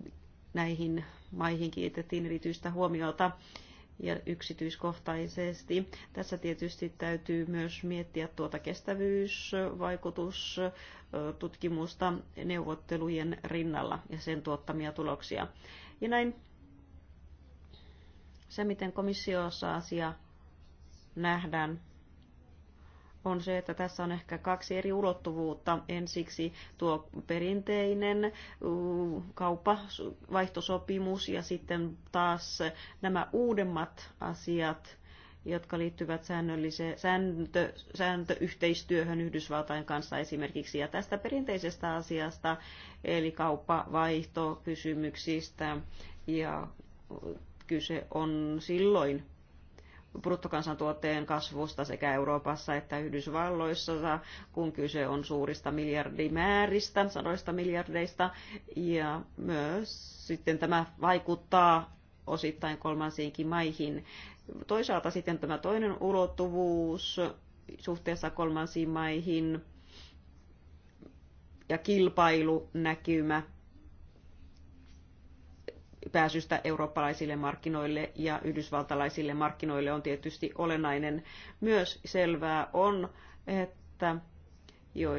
näihin maihin kiitettiin erityistä huomiota ja yksityiskohtaisesti. Tässä tietysti täytyy myös miettiä tuota kestävyysvaikutustutkimusta neuvottelujen rinnalla ja sen tuottamia tuloksia. Ja näin se, miten komissiossa asia nähdään on se, että tässä on ehkä kaksi eri ulottuvuutta. Ensiksi tuo perinteinen uh, kauppavaihtosopimus ja sitten taas nämä uudemmat asiat, jotka liittyvät sääntö, sääntöyhteistyöhön Yhdysvaltain kanssa esimerkiksi. Ja tästä perinteisestä asiasta, eli kauppavaihtokysymyksistä, ja kyse on silloin bruttokansantuotteen kasvusta sekä Euroopassa että Yhdysvalloissa, kun kyse on suurista miljardimääristä, sadoista miljardeista. Ja myös sitten tämä vaikuttaa osittain kolmansiinkin maihin. Toisaalta sitten tämä toinen ulottuvuus suhteessa kolmansiin maihin ja kilpailunäkymä – pääsystä eurooppalaisille markkinoille ja yhdysvaltalaisille markkinoille on tietysti olennainen. Myös selvää on, että jo,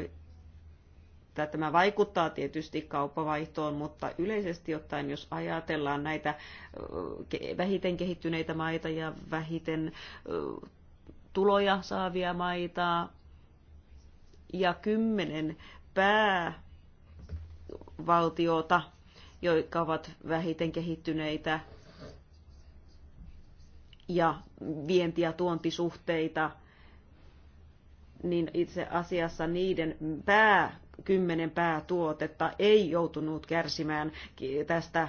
tämä vaikuttaa tietysti kauppavaihtoon, mutta yleisesti ottaen, jos ajatellaan näitä vähiten kehittyneitä maita ja vähiten tuloja saavia maita ja kymmenen päävaltiota jotka ovat vähiten kehittyneitä ja vienti- ja tuontisuhteita, niin itse asiassa niiden pää kymmenen päätuotetta ei joutunut kärsimään tästä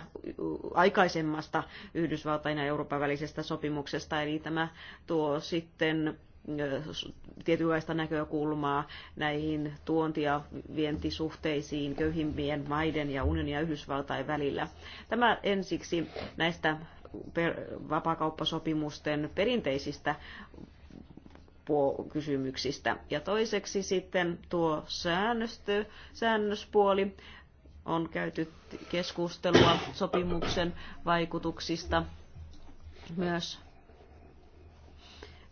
aikaisemmasta Yhdysvaltain ja Euroopan välisestä sopimuksesta. Eli tämä tuo sitten tietynlaista näkökulmaa näihin tuonti- ja vientisuhteisiin köyhimpien maiden ja unionin ja Yhdysvaltain välillä. Tämä ensiksi näistä vapakauppasopimusten perinteisistä kysymyksistä. Ja toiseksi sitten tuo säännöstö, säännöspuoli on käyty keskustelua sopimuksen vaikutuksista myös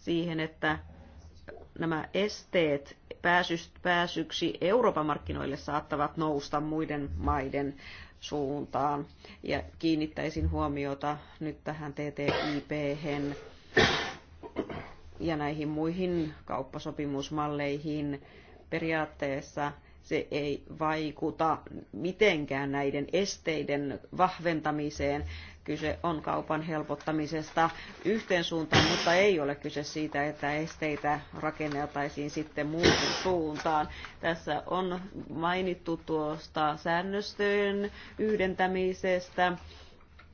siihen, että nämä esteet pääsyksi Euroopan markkinoille saattavat nousta muiden maiden suuntaan. Ja kiinnittäisin huomiota nyt tähän ttip ja näihin muihin kauppasopimusmalleihin. Periaatteessa se ei vaikuta mitenkään näiden esteiden vahventamiseen. Kyse on kaupan helpottamisesta yhteen suuntaan, mutta ei ole kyse siitä, että esteitä rakenneltaisiin sitten muuhun suuntaan. Tässä on mainittu tuosta säännöstöjen yhdentämisestä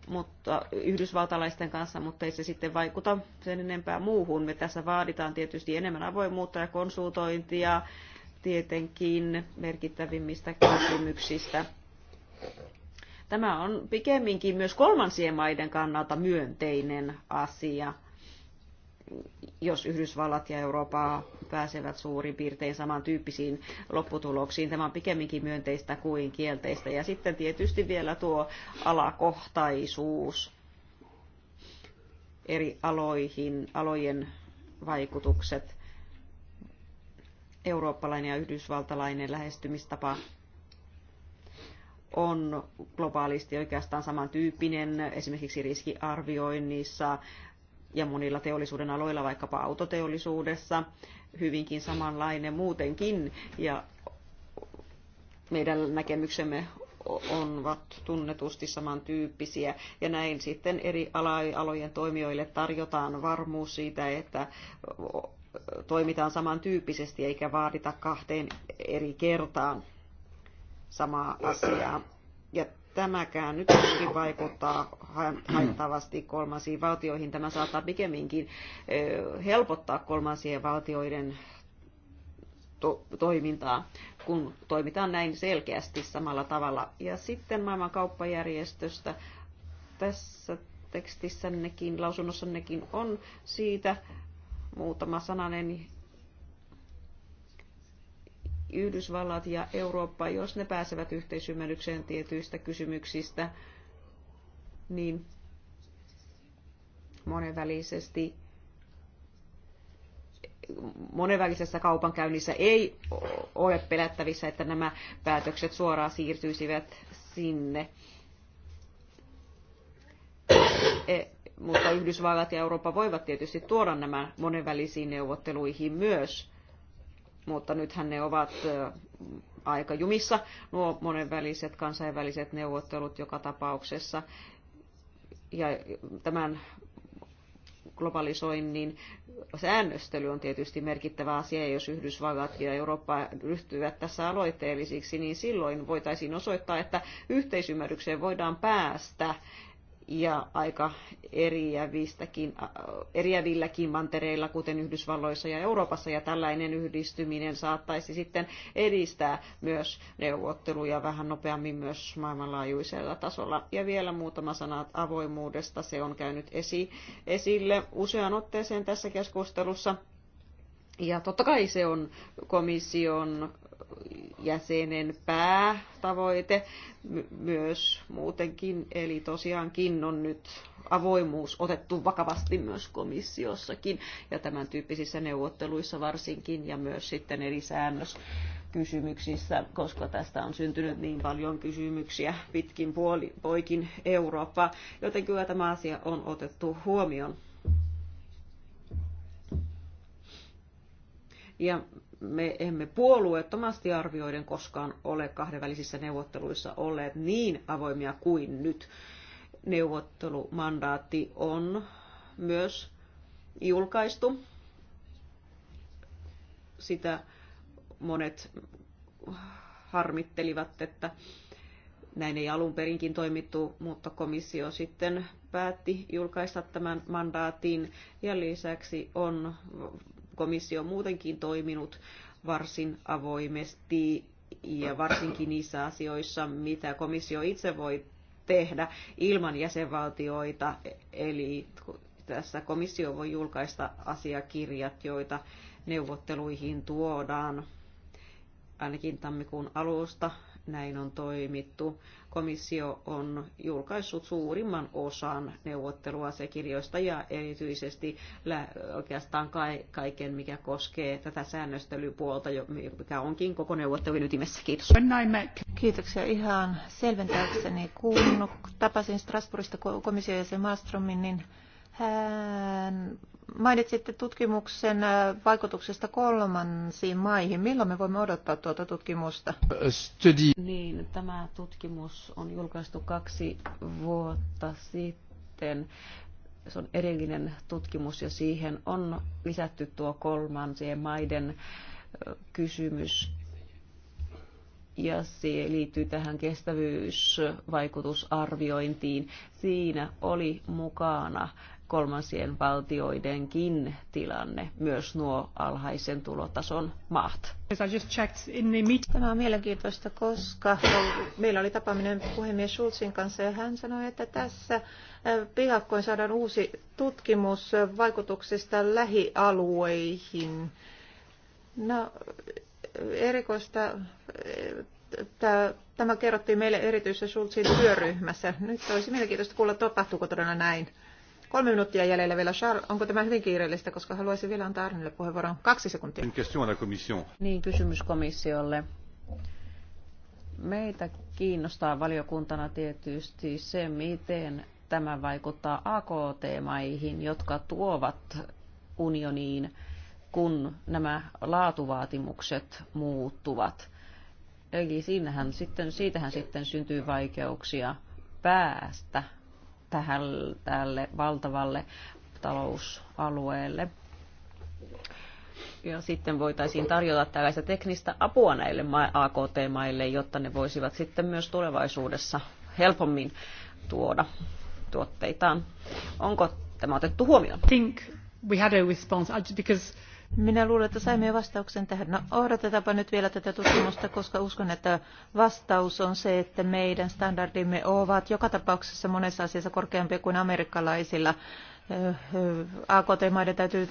mutta yhdysvaltalaisten kanssa, mutta ei se sitten vaikuta sen enempää muuhun. Me tässä vaaditaan tietysti enemmän avoimuutta ja konsultointia tietenkin merkittävimmistä kysymyksistä Tämä on pikemminkin myös kolmansien maiden kannalta myönteinen asia, jos Yhdysvallat ja Eurooppa pääsevät suurin piirtein samantyyppisiin lopputuloksiin. Tämä on pikemminkin myönteistä kuin kielteistä. Ja sitten tietysti vielä tuo alakohtaisuus eri aloihin, alojen vaikutukset, eurooppalainen ja yhdysvaltalainen lähestymistapa on globaalisti oikeastaan samantyyppinen esimerkiksi riskiarvioinnissa ja monilla teollisuuden aloilla, vaikkapa autoteollisuudessa, hyvinkin samanlainen muutenkin. Ja meidän näkemyksemme ovat tunnetusti samantyyppisiä. Ja näin sitten eri alojen toimijoille tarjotaan varmuus siitä, että toimitaan samantyyppisesti eikä vaadita kahteen eri kertaan samaa asiaa. Ja tämäkään nyt ei vaikuttaa haittavasti kolmansiin valtioihin. Tämä saattaa pikemminkin helpottaa kolmansien valtioiden to- toimintaa, kun toimitaan näin selkeästi samalla tavalla. Ja sitten maailman kauppajärjestöstä tässä tekstissännekin, lausunnossannekin on siitä muutama sananen Yhdysvallat ja Eurooppa, jos ne pääsevät yhteisymmärrykseen tietyistä kysymyksistä, niin monenvälisesti monenvälisessä kaupankäynnissä ei ole pelättävissä, että nämä päätökset suoraan siirtyisivät sinne. E, mutta Yhdysvallat ja Eurooppa voivat tietysti tuoda nämä monenvälisiin neuvotteluihin myös mutta nythän ne ovat aika jumissa nuo monenväliset kansainväliset neuvottelut joka tapauksessa. Ja tämän globalisoinnin säännöstely on tietysti merkittävä asia, jos Yhdysvallat ja Eurooppa ryhtyvät tässä aloitteellisiksi, niin silloin voitaisiin osoittaa, että yhteisymmärrykseen voidaan päästä ja aika eriävistäkin, eriävilläkin mantereilla, kuten Yhdysvalloissa ja Euroopassa, ja tällainen yhdistyminen saattaisi sitten edistää myös neuvotteluja vähän nopeammin myös maailmanlaajuisella tasolla. Ja vielä muutama sana avoimuudesta, se on käynyt esi, esille useaan otteeseen tässä keskustelussa. Ja totta kai se on komission jäsenen päätavoite myös muutenkin. Eli tosiaankin on nyt avoimuus otettu vakavasti myös komissiossakin ja tämän tyyppisissä neuvotteluissa varsinkin ja myös sitten eri säännös kysymyksissä, koska tästä on syntynyt niin paljon kysymyksiä pitkin puoli, poikin Eurooppaa, joten kyllä tämä asia on otettu huomioon. Ja me emme puolueettomasti arvioiden koskaan ole kahdenvälisissä neuvotteluissa olleet niin avoimia kuin nyt. Neuvottelumandaatti on myös julkaistu. Sitä monet harmittelivat, että näin ei alun perinkin toimittu, mutta komissio sitten päätti julkaista tämän mandaatin ja lisäksi on komissio on muutenkin toiminut varsin avoimesti ja varsinkin niissä asioissa, mitä komissio itse voi tehdä ilman jäsenvaltioita. Eli tässä komissio voi julkaista asiakirjat, joita neuvotteluihin tuodaan ainakin tammikuun alusta näin on toimittu. Komissio on julkaissut suurimman osan neuvotteluasekirjoista ja erityisesti oikeastaan kaiken, mikä koskee tätä säännöstelypuolta, mikä onkin koko neuvottelun ytimessä. Kiitos. Kiitoksia ihan selventääkseni. Kun tapasin Strasbourgista komission jäsen Malmströmin, niin hän Mainitsitte tutkimuksen äh, vaikutuksesta kolmansiin maihin. Milloin me voimme odottaa tuota tutkimusta? Study. Niin, tämä tutkimus on julkaistu kaksi vuotta sitten. Se on erillinen tutkimus ja siihen on lisätty tuo kolmansien maiden äh, kysymys ja se liittyy tähän kestävyysvaikutusarviointiin. Siinä oli mukana kolmansien valtioidenkin tilanne, myös nuo alhaisen tulotason maat. Tämä on mielenkiintoista, koska meillä oli tapaaminen puhemies Schulzin kanssa ja hän sanoi, että tässä äh, pihakkoin saadaan uusi tutkimus vaikutuksista lähialueihin. No, erikoista tämä kerrottiin meille erityisesti Schulzin työryhmässä. Nyt olisi mielenkiintoista kuulla, tapahtuuko todella näin. Kolme minuuttia jäljellä vielä. Charles, onko tämä hyvin kiireellistä, koska haluaisin vielä antaa Arnille puheenvuoron. Kaksi sekuntia. Niin, kysymys komissiolle. Meitä kiinnostaa valiokuntana tietysti se, miten tämä vaikuttaa AKT-maihin, jotka tuovat unioniin, kun nämä laatuvaatimukset muuttuvat. Eli siinähän sitten, siitähän sitten syntyy vaikeuksia päästä tähän, tälle valtavalle talousalueelle. Ja sitten voitaisiin tarjota tällaista teknistä apua näille AKT-maille, jotta ne voisivat sitten myös tulevaisuudessa helpommin tuoda tuotteitaan. Onko tämä otettu huomioon? Think we had a response because minä luulen, että saimme jo vastauksen tähän. No, odotetaanpa nyt vielä tätä tutkimusta, koska uskon, että vastaus on se, että meidän standardimme ovat joka tapauksessa monessa asiassa korkeampia kuin amerikkalaisilla. AKT-maiden täytyy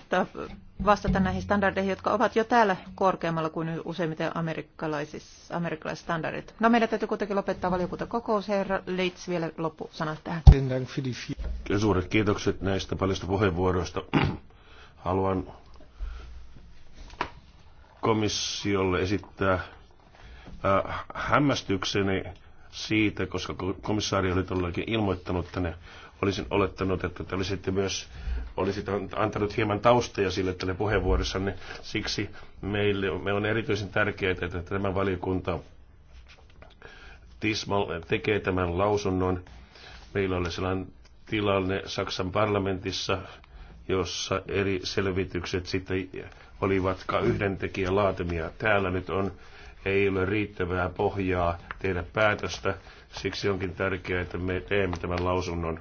vastata näihin standardeihin, jotka ovat jo täällä korkeammalla kuin useimmiten amerikkalaiset standardit. No meidän täytyy kuitenkin lopettaa kokous. Herra Leitz vielä loppusanat tähän. Suuret kiitokset näistä paljosta puheenvuoroista. Haluan komissiolle esittää äh, hämmästykseni siitä, koska komissaari oli todellakin ilmoittanut tänne, olisin olettanut, että te olisitte myös olisit antanut hieman taustaja sille tälle puheenvuorossanne. Siksi meille, meillä on erityisen tärkeää, että tämä valiokunta Tismal tekee tämän lausunnon. Meillä oli sellainen tilanne Saksan parlamentissa, jossa eri selvitykset sitten olivatka yhden tekijän laatimia. Täällä nyt on, ei ole riittävää pohjaa tehdä päätöstä, siksi onkin tärkeää, että me teemme tämän lausunnon.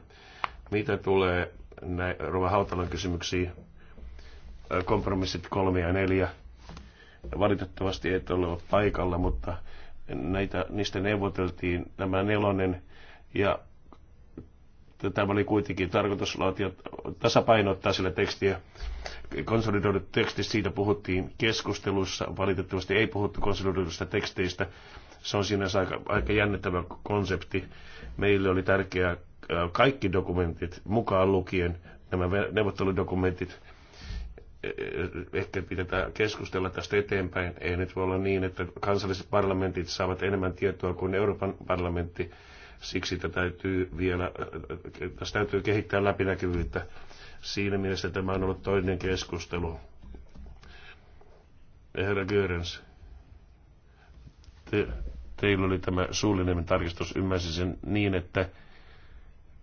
Mitä tulee näin, Rova Hautalan kysymyksiin, kompromissit kolme ja neljä. Valitettavasti et ole paikalla, mutta näitä, niistä neuvoteltiin nämä nelonen ja tämä oli kuitenkin tarkoitus laatia tasapainottaa sillä tekstiä. Konsolidoidut teksti siitä puhuttiin keskustelussa. Valitettavasti ei puhuttu konsolidoidusta teksteistä. Se on sinänsä aika, aika jännittävä konsepti. Meille oli tärkeää äh, kaikki dokumentit, mukaan lukien nämä neuvotteludokumentit, eh, eh, ehkä pitää keskustella tästä eteenpäin. Ei nyt voi olla niin, että kansalliset parlamentit saavat enemmän tietoa kuin Euroopan parlamentti Siksi tätä täytyy vielä, äh, tässä täytyy kehittää läpinäkyvyyttä. Siinä mielessä tämä on ollut toinen keskustelu. Herra Görens, te, teillä oli tämä suullinen tarkistus, ymmärsin sen niin, että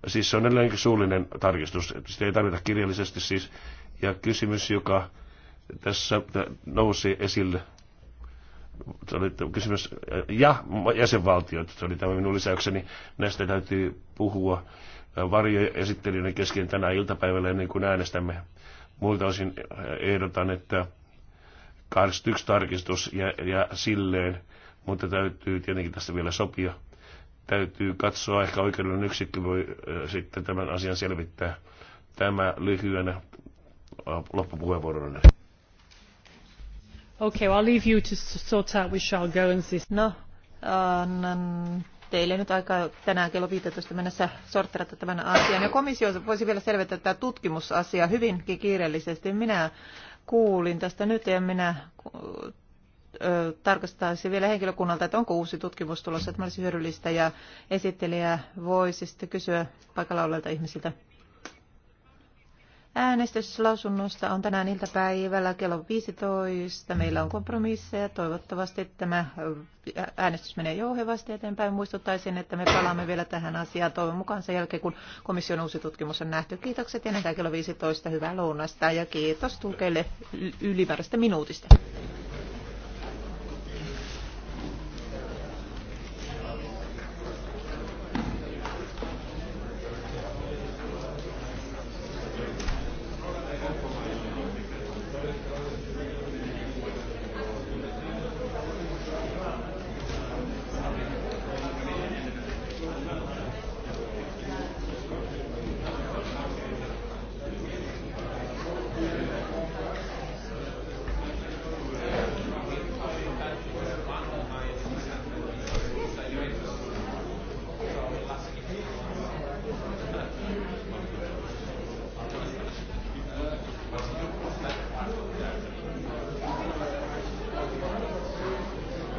siis se on edelleenkin suullinen tarkistus, sitä ei tarvita kirjallisesti siis, ja kysymys, joka tässä nousi esille, se oli kysymys, äh, ja jäsenvaltiot, se oli tämä minun lisäykseni, näistä täytyy puhua äh, ne kesken tänä iltapäivällä ennen kuin äänestämme. Muilta osin äh, ehdotan, että 81 tarkistus ja, ja silleen, mutta täytyy tietenkin tästä vielä sopia. Täytyy katsoa, ehkä oikeudellinen yksikkö voi sitten tämän asian selvittää. Tämä lyhyenä loppupuheenvuorona. Okay, well, I'll leave you to sort out with Charles Goins this. No, annan teille nyt aikaa tänään kello 15 mennessä sortterata tämän asian. Ja komissio voisi vielä selvittää tämä tutkimusasia hyvinkin kiireellisesti. Minä kuulin tästä nyt ja minä tarkastaisin vielä henkilökunnalta, että onko uusi tutkimus tulossa, että olisi hyödyllistä ja esittelijä voisi sitten kysyä paikalla olevilta ihmisiltä Äänestyslausunnosta on tänään iltapäivällä kello 15. Meillä on kompromisseja. Toivottavasti tämä äänestys menee jouhevasti eteenpäin. Muistuttaisin, että me palaamme vielä tähän asiaan toivon mukaan sen jälkeen, kun komission uusi tutkimus on nähty. Kiitokset ja nähdään kello 15. Hyvää lounasta ja kiitos tulkeille ylimääräistä minuutista.